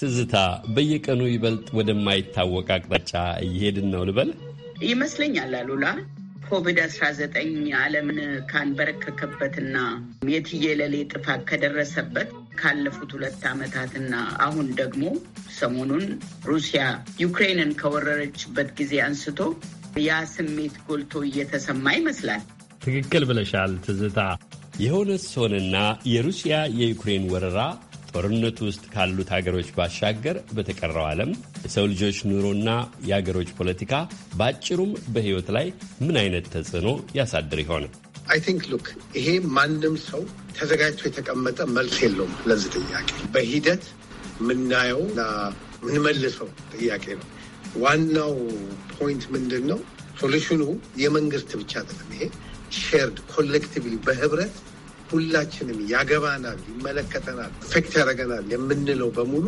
ትዝታ በየቀኑ ይበልጥ ወደማይታወቅ አቅጣጫ እየሄድን ነው ልበል ይመስለኛል አሉላ ኮቪድ አስራ ዘጠኝ ዓለምን ካንበረከከበትና የትየለሌ ጥፋት ከደረሰበት ካለፉት ሁለት ዓመታትና አሁን ደግሞ ሰሞኑን ሩሲያ ዩክሬንን ከወረረችበት ጊዜ አንስቶ ያ ስሜት ጎልቶ እየተሰማ ይመስላል። ትክክል ብለሻል ትዝታ። የሆነት ሶንና የሩሲያ የዩክሬን ወረራ ጦርነቱ ውስጥ ካሉት አገሮች ባሻገር በተቀረው ዓለም የሰው ልጆች ኑሮና የአገሮች ፖለቲካ በአጭሩም በሕይወት ላይ ምን አይነት ተጽዕኖ ያሳድር ይሆን? አይ ቲንክ ሉክ ይሄ ማንም ሰው ተዘጋጅቶ የተቀመጠ መልስ የለውም ለዚህ ጥያቄ። በሂደት ምናየው እና ምንመልሰው ጥያቄ ነው። ዋናው ፖይንት ምንድን ነው? ሶሉሽኑ የመንግስት ብቻ ይሄ ሼርድ ኮሌክቲቭሊ በህብረት ሁላችንም ያገባናል፣ ይመለከተናል፣ ፌክት ያደርገናል የምንለው በሙሉ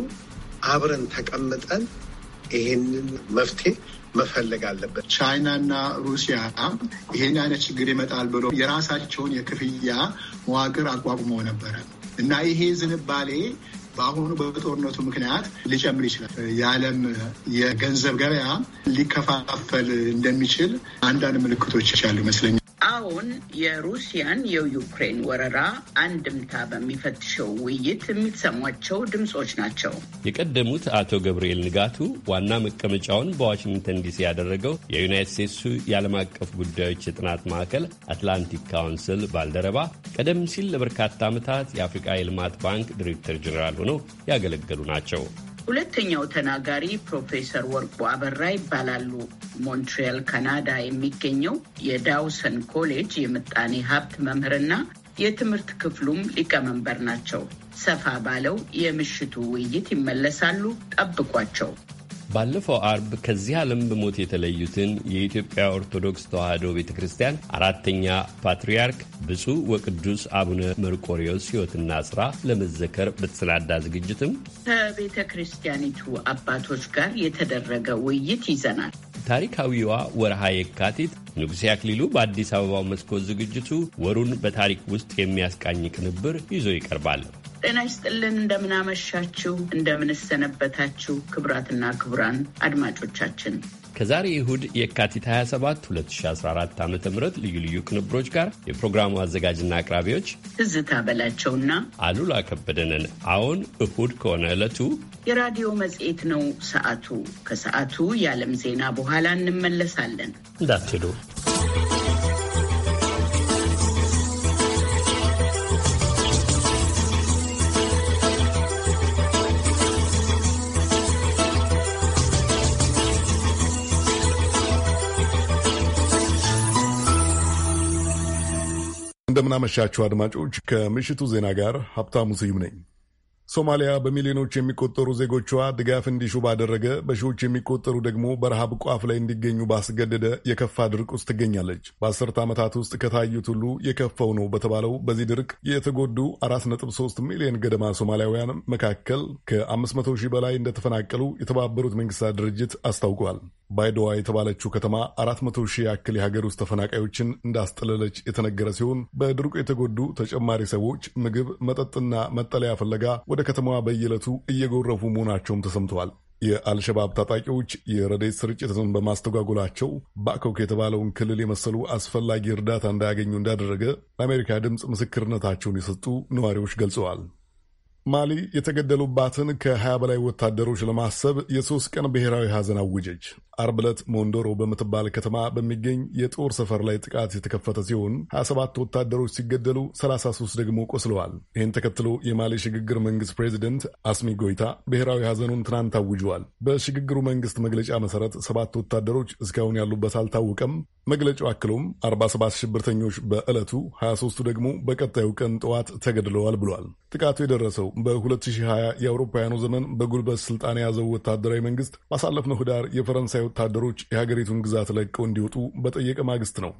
አብረን ተቀምጠን ይሄንን መፍትሄ መፈለግ አለበት። ቻይና ሩሲያ ይሄን አይነት ችግር ይመጣል ብሎ የራሳቸውን የክፍያ መዋቅር አቋቁመው ነበረ እና ይሄ ዝንባሌ በአሁኑ በጦርነቱ ምክንያት ሊጨምር ይችላል። የዓለም የገንዘብ ገበያ ሊከፋፈል እንደሚችል አንዳንድ ምልክቶች ያሉ ይመስለኛል። አሁን የሩሲያን የዩክሬን ወረራ አንድምታ በሚፈትሸው ውይይት የሚሰሟቸው ድምፆች ናቸው። የቀደሙት አቶ ገብርኤል ንጋቱ ዋና መቀመጫውን በዋሽንግተን ዲሲ ያደረገው የዩናይት ስቴትሱ የዓለም አቀፍ ጉዳዮች የጥናት ማዕከል አትላንቲክ ካውንስል ባልደረባ፣ ቀደም ሲል ለበርካታ ዓመታት የአፍሪቃ የልማት ባንክ ዲሬክተር ጀኔራል ሆነው ያገለገሉ ናቸው። ሁለተኛው ተናጋሪ ፕሮፌሰር ወርቁ አበራ ይባላሉ። ሞንትሪያል ካናዳ የሚገኘው የዳውሰን ኮሌጅ የምጣኔ ሀብት መምህርና የትምህርት ክፍሉም ሊቀመንበር ናቸው። ሰፋ ባለው የምሽቱ ውይይት ይመለሳሉ። ጠብቋቸው። ባለፈው አርብ ከዚህ ዓለም በሞት የተለዩትን የኢትዮጵያ ኦርቶዶክስ ተዋሕዶ ቤተ ክርስቲያን አራተኛ ፓትርያርክ ብፁዕ ወቅዱስ አቡነ መርቆሪዎስ ሕይወትና ሥራ ለመዘከር በተሰናዳ ዝግጅትም ከቤተ ክርስቲያኒቱ አባቶች ጋር የተደረገ ውይይት ይዘናል። ታሪካዊዋ ወርሃ የካቲት ንጉሴ አክሊሉ በአዲስ አበባው መስኮት ዝግጅቱ ወሩን በታሪክ ውስጥ የሚያስቃኝ ቅንብር ይዞ ይቀርባል። ጤና ይስጥልን። እንደምናመሻችሁ፣ እንደምንሰነበታችሁ ክቡራትና ክቡራን አድማጮቻችን ከዛሬ እሁድ የካቲት 27 2014 ዓ ም ልዩ ልዩ ቅንብሮች ጋር የፕሮግራሙ አዘጋጅና አቅራቢዎች ትዝታ በላቸውና አሉላ ከበደንን። አሁን እሁድ ከሆነ ዕለቱ የራዲዮ መጽሔት ነው። ሰዓቱ ከሰዓቱ የዓለም ዜና በኋላ እንመለሳለን። እንዳትሄዱ። እንደምናመሻችሁ አድማጮች፣ ከምሽቱ ዜና ጋር ሀብታሙ ስዩም ነኝ። ሶማሊያ በሚሊዮኖች የሚቆጠሩ ዜጎቿ ድጋፍ እንዲሹ ባደረገ በሺዎች የሚቆጠሩ ደግሞ በረሃብ ቋፍ ላይ እንዲገኙ ባስገደደ የከፋ ድርቅ ውስጥ ትገኛለች። በአስርት ዓመታት ውስጥ ከታዩት ሁሉ የከፋው ነው በተባለው በዚህ ድርቅ የተጎዱ 4.3 ሚሊዮን ገደማ ሶማሊያውያን መካከል ከ500 ሺህ በላይ እንደተፈናቀሉ የተባበሩት መንግስታት ድርጅት አስታውቋል። ባይደዋ የተባለችው ከተማ 400 ሺህ ያክል የሀገር ውስጥ ተፈናቃዮችን እንዳስጠለለች የተነገረ ሲሆን በድርቁ የተጎዱ ተጨማሪ ሰዎች ምግብ፣ መጠጥና መጠለያ ፍለጋ ወደ ወደ ከተማዋ በየዕለቱ እየጎረፉ መሆናቸውም ተሰምተዋል። የአልሸባብ ታጣቂዎች የረዴት ስርጭትን በማስተጓጎላቸው ባኮክ የተባለውን ክልል የመሰሉ አስፈላጊ እርዳታ እንዳያገኙ እንዳደረገ ለአሜሪካ ድምፅ ምስክርነታቸውን የሰጡ ነዋሪዎች ገልጸዋል። ማሊ የተገደሉባትን ከ20 በላይ ወታደሮች ለማሰብ የሶስት ቀን ብሔራዊ ሐዘን አወጀች። አርብ ዕለት ሞንዶሮ በምትባል ከተማ በሚገኝ የጦር ሰፈር ላይ ጥቃት የተከፈተ ሲሆን 27 ወታደሮች ሲገደሉ 33 ደግሞ ቆስለዋል። ይህን ተከትሎ የማሊ ሽግግር መንግስት ፕሬዚደንት አስሚ ጎይታ ብሔራዊ ሐዘኑን ትናንት አውጀዋል። በሽግግሩ መንግስት መግለጫ መሠረት ሰባት ወታደሮች እስካሁን ያሉበት አልታወቀም። መግለጫው አክሎም 47 ሽብርተኞች በዕለቱ 23ቱ ደግሞ በቀጣዩ ቀን ጠዋት ተገድለዋል ብሏል። ጥቃቱ የደረሰው በ2020 የአውሮፓውያኑ ዘመን በጉልበት ስልጣን የያዘው ወታደራዊ መንግስት ባሳለፍነው ህዳር የፈረንሳይ ወታደሮች የሀገሪቱን ግዛት ለቀው እንዲወጡ በጠየቀ ማግስት ነው።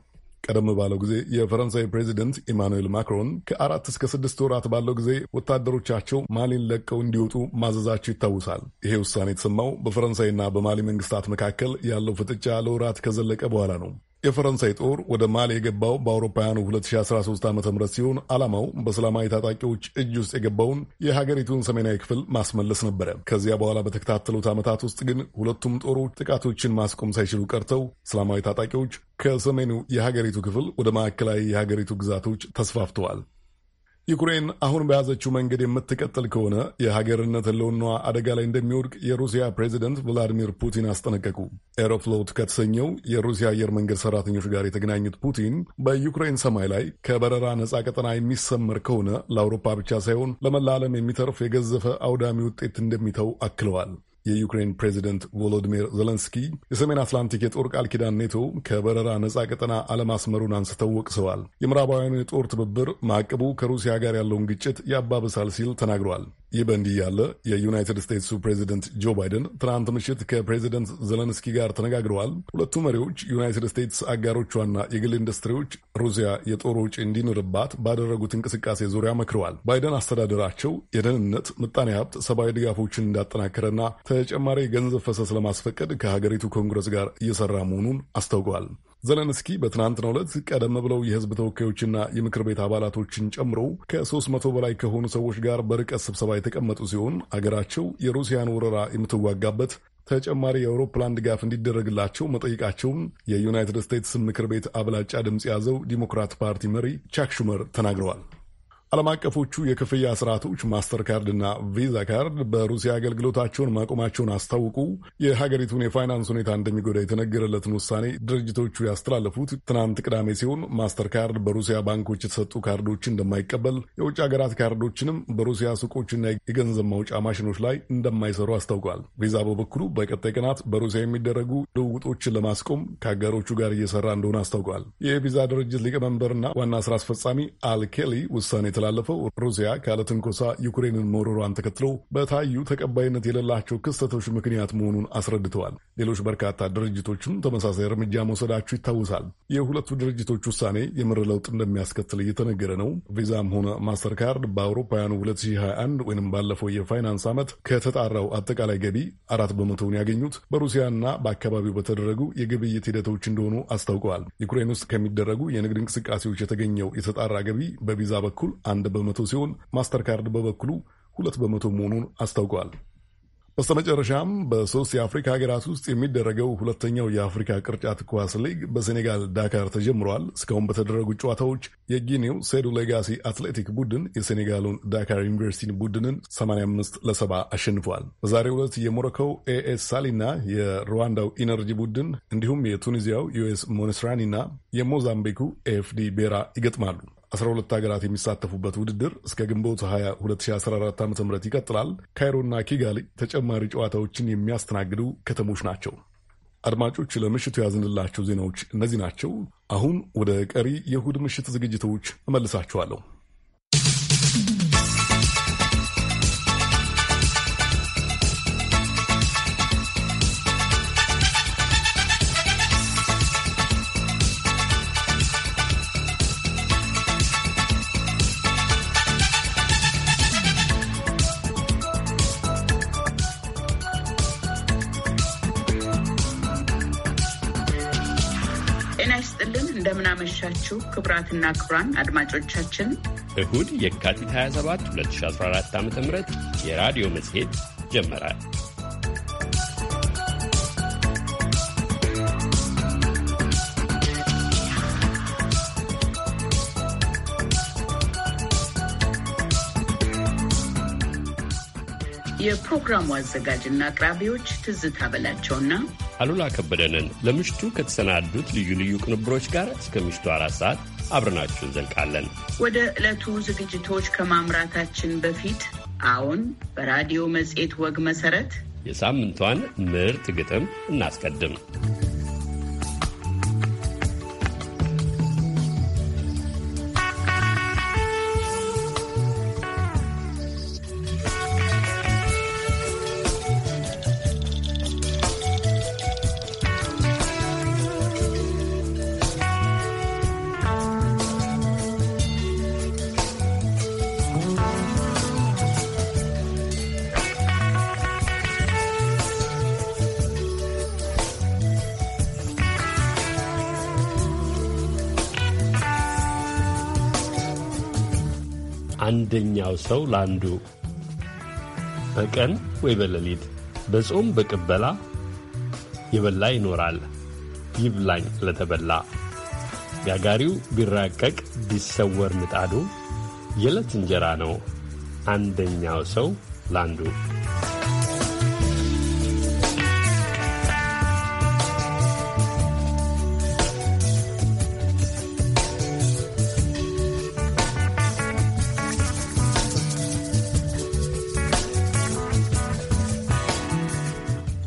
ቀደም ባለው ጊዜ የፈረንሳይ ፕሬዚደንት ኢማኑኤል ማክሮን ከአራት እስከ ስድስት ወራት ባለው ጊዜ ወታደሮቻቸው ማሊን ለቀው እንዲወጡ ማዘዛቸው ይታወሳል። ይሄ ውሳኔ የተሰማው በፈረንሳይና በማሊ መንግስታት መካከል ያለው ፍጥጫ ለወራት ከዘለቀ በኋላ ነው። የፈረንሳይ ጦር ወደ ማሊ የገባው በአውሮፓውያኑ 2013 ዓ ም ሲሆን ዓላማው በእስላማዊ ታጣቂዎች እጅ ውስጥ የገባውን የሀገሪቱን ሰሜናዊ ክፍል ማስመለስ ነበረ። ከዚያ በኋላ በተከታተሉት ዓመታት ውስጥ ግን ሁለቱም ጦሮች ጥቃቶችን ማስቆም ሳይችሉ ቀርተው እስላማዊ ታጣቂዎች ከሰሜኑ የሀገሪቱ ክፍል ወደ ማዕከላዊ የሀገሪቱ ግዛቶች ተስፋፍተዋል። ዩክሬን አሁን በያዘችው መንገድ የምትቀጥል ከሆነ የሀገርነት ሕልውናዋ አደጋ ላይ እንደሚወድቅ የሩሲያ ፕሬዚደንት ቭላዲሚር ፑቲን አስጠነቀቁ። ኤሮፍሎት ከተሰኘው የሩሲያ አየር መንገድ ሰራተኞች ጋር የተገናኙት ፑቲን በዩክሬን ሰማይ ላይ ከበረራ ነፃ ቀጠና የሚሰመር ከሆነ ለአውሮፓ ብቻ ሳይሆን ለመላለም የሚተርፍ የገዘፈ አውዳሚ ውጤት እንደሚተው አክለዋል። የዩክሬን ፕሬዚደንት ቮሎዲሚር ዘለንስኪ የሰሜን አትላንቲክ የጦር ቃል ኪዳን ኔቶ ከበረራ ነፃ ቀጠና አለማስመሩን አንስተው ወቅሰዋል። የምዕራባውያኑ የጦር ትብብር ማዕቀቡ ከሩሲያ ጋር ያለውን ግጭት ያባብሳል ሲል ተናግሯል። ይህ በእንዲህ ያለ የዩናይትድ ስቴትሱ ፕሬዚደንት ጆ ባይደን ትናንት ምሽት ከፕሬዚደንት ዘለንስኪ ጋር ተነጋግረዋል። ሁለቱ መሪዎች ዩናይትድ ስቴትስ አጋሮቿና የግል ኢንዱስትሪዎች ሩሲያ የጦር ውጪ እንዲኖርባት ባደረጉት እንቅስቃሴ ዙሪያ መክረዋል። ባይደን አስተዳደራቸው የደህንነት፣ ምጣኔ ሀብት፣ ሰብአዊ ድጋፎችን እንዳጠናከረና ተጨማሪ ገንዘብ ፈሰስ ለማስፈቀድ ከሀገሪቱ ኮንግረስ ጋር እየሰራ መሆኑን አስታውቀዋል። ዘለንስኪ በትናንትናው ዕለት ቀደም ብለው የህዝብ ተወካዮችና የምክር ቤት አባላቶችን ጨምሮ ከ300 በላይ ከሆኑ ሰዎች ጋር በርቀት ስብሰባ የተቀመጡ ሲሆን አገራቸው የሩሲያን ወረራ የምትዋጋበት ተጨማሪ የአውሮፕላን ድጋፍ እንዲደረግላቸው መጠየቃቸውን የዩናይትድ ስቴትስ ምክር ቤት አብላጫ ድምፅ የያዘው ዲሞክራት ፓርቲ መሪ ቻክ ሹመር ተናግረዋል። ዓለም አቀፎቹ የክፍያ ስርዓቶች ማስተር እና ቪዛ ካርድ በሩሲያ አገልግሎታቸውን ማቆማቸውን አስታውቁ የሀገሪቱን የፋይናንስ ሁኔታ እንደሚጎዳ የተነገረለትን ውሳኔ ድርጅቶቹ ያስተላለፉት ትናንት ቅዳሜ ሲሆን ማስተር ካርድ በሩሲያ ባንኮች የተሰጡ ካርዶች እንደማይቀበል፣ የውጭ ሀገራት ካርዶችንም በሩሲያ ሱቆችና የገንዘብ ማውጫ ማሽኖች ላይ እንደማይሰሩ አስታውቋል። ቪዛ በበኩሉ በቀጣይ ቀናት በሩሲያ የሚደረጉ ልውውጦችን ለማስቆም ከአጋሮቹ ጋር እየሰራ እንደሆነ አስታውቋል። የቪዛ ድርጅት ሊቀመንበርና ዋና ስራ አስፈጻሚ አል ኬሊ ውሳኔ የተላለፈው ሩሲያ ካለ ትንኮሳ ዩክሬንን መውረሯን ተከትሎ በታዩ ተቀባይነት የሌላቸው ክስተቶች ምክንያት መሆኑን አስረድተዋል። ሌሎች በርካታ ድርጅቶችም ተመሳሳይ እርምጃ መውሰዳቸው ይታወሳል። የሁለቱ ድርጅቶች ውሳኔ የምር ለውጥ እንደሚያስከትል እየተነገረ ነው። ቪዛም ሆነ ማስተርካርድ በአውሮፓውያኑ 2021 ወይም ባለፈው የፋይናንስ ዓመት ከተጣራው አጠቃላይ ገቢ አራት በመቶውን ያገኙት በሩሲያና በአካባቢው በተደረጉ የግብይት ሂደቶች እንደሆኑ አስታውቀዋል። ዩክሬን ውስጥ ከሚደረጉ የንግድ እንቅስቃሴዎች የተገኘው የተጣራ ገቢ በቪዛ በኩል አንድ በመቶ ሲሆን ማስተርካርድ በበኩሉ ሁለት በመቶ መሆኑን አስታውቀዋል። በስተመጨረሻም በሶስት የአፍሪካ ሀገራት ውስጥ የሚደረገው ሁለተኛው የአፍሪካ ቅርጫት ኳስ ሊግ በሴኔጋል ዳካር ተጀምሯል። እስካሁን በተደረጉ ጨዋታዎች የጊኒው ሴዱ ሌጋሲ አትሌቲክ ቡድን የሴኔጋሉን ዳካር ዩኒቨርሲቲን ቡድንን 85 ለ70 አሸንፏል። በዛሬው ዕለት የሞሮኮው ኤኤስ ሳሊና የሩዋንዳው ኢነርጂ ቡድን እንዲሁም የቱኒዚያው ዩኤስ ሞኔስራኒና የሞዛምቢኩ ኤፍዲ ቤራ ይገጥማሉ። 12 ሀገራት የሚሳተፉበት ውድድር እስከ ግንቦት 20 2014 ዓ ም ይቀጥላል። ካይሮና ኪጋሊ ተጨማሪ ጨዋታዎችን የሚያስተናግዱ ከተሞች ናቸው። አድማጮች ለምሽቱ ያዝንላቸው ዜናዎች እነዚህ ናቸው። አሁን ወደ ቀሪ የእሁድ ምሽት ዝግጅቶች እመልሳችኋለሁ። ይስጥልን። እንደምናመሻችሁ ክቡራትና ክቡራን አድማጮቻችን እሁድ የካቲት 27 2014 ዓ ም የራዲዮ መጽሔት ጀመረ። የፕሮግራሙ አዘጋጅና አቅራቢዎች ትዝታ በላቸውና አሉላ ከበደንን ለምሽቱ ከተሰናዱት ልዩ ልዩ ቅንብሮች ጋር እስከ ምሽቱ አራት ሰዓት አብረናችሁ እንዘልቃለን። ወደ ዕለቱ ዝግጅቶች ከማምራታችን በፊት አሁን በራዲዮ መጽሔት ወግ መሰረት የሳምንቷን ምርጥ ግጥም እናስቀድም። ለሌላው ሰው ላንዱ በቀን ወይ በሌሊት በጾም በቅበላ የበላ ይኖራል ይብላኝ ለተበላ ጋጋሪው ቢራቀቅ ቢሰወር ምጣዱ የዕለት እንጀራ ነው አንደኛው ሰው ላንዱ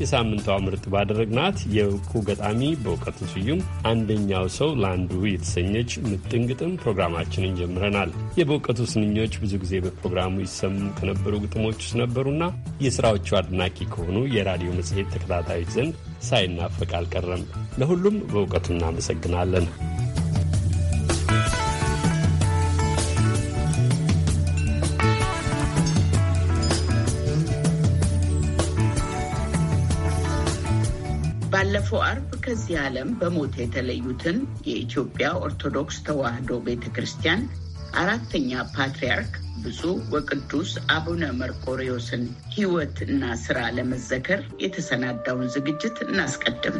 የሳምንቷ ምርጥ ባደረግናት የእውቁ ገጣሚ በእውቀቱ ስዩም አንደኛው ሰው ለአንዱ የተሰኘች ምጥን ግጥም ፕሮግራማችንን ጀምረናል። የበእውቀቱ ስንኞች ብዙ ጊዜ በፕሮግራሙ ይሰሙ ከነበሩ ግጥሞች ውስጥ ነበሩና የሥራዎቹ አድናቂ ከሆኑ የራዲዮ መጽሔት ተከታታዮች ዘንድ ሳይናፈቅ አልቀረም። ለሁሉም በእውቀቱ እናመሰግናለን። ባለፈው አርብ ከዚህ ዓለም በሞት የተለዩትን የኢትዮጵያ ኦርቶዶክስ ተዋህዶ ቤተ ክርስቲያን አራተኛ ፓትርያርክ ብፁዕ ወቅዱስ አቡነ መርቆሪዎስን ሕይወት እና ስራ ለመዘከር የተሰናዳውን ዝግጅት እናስቀድም።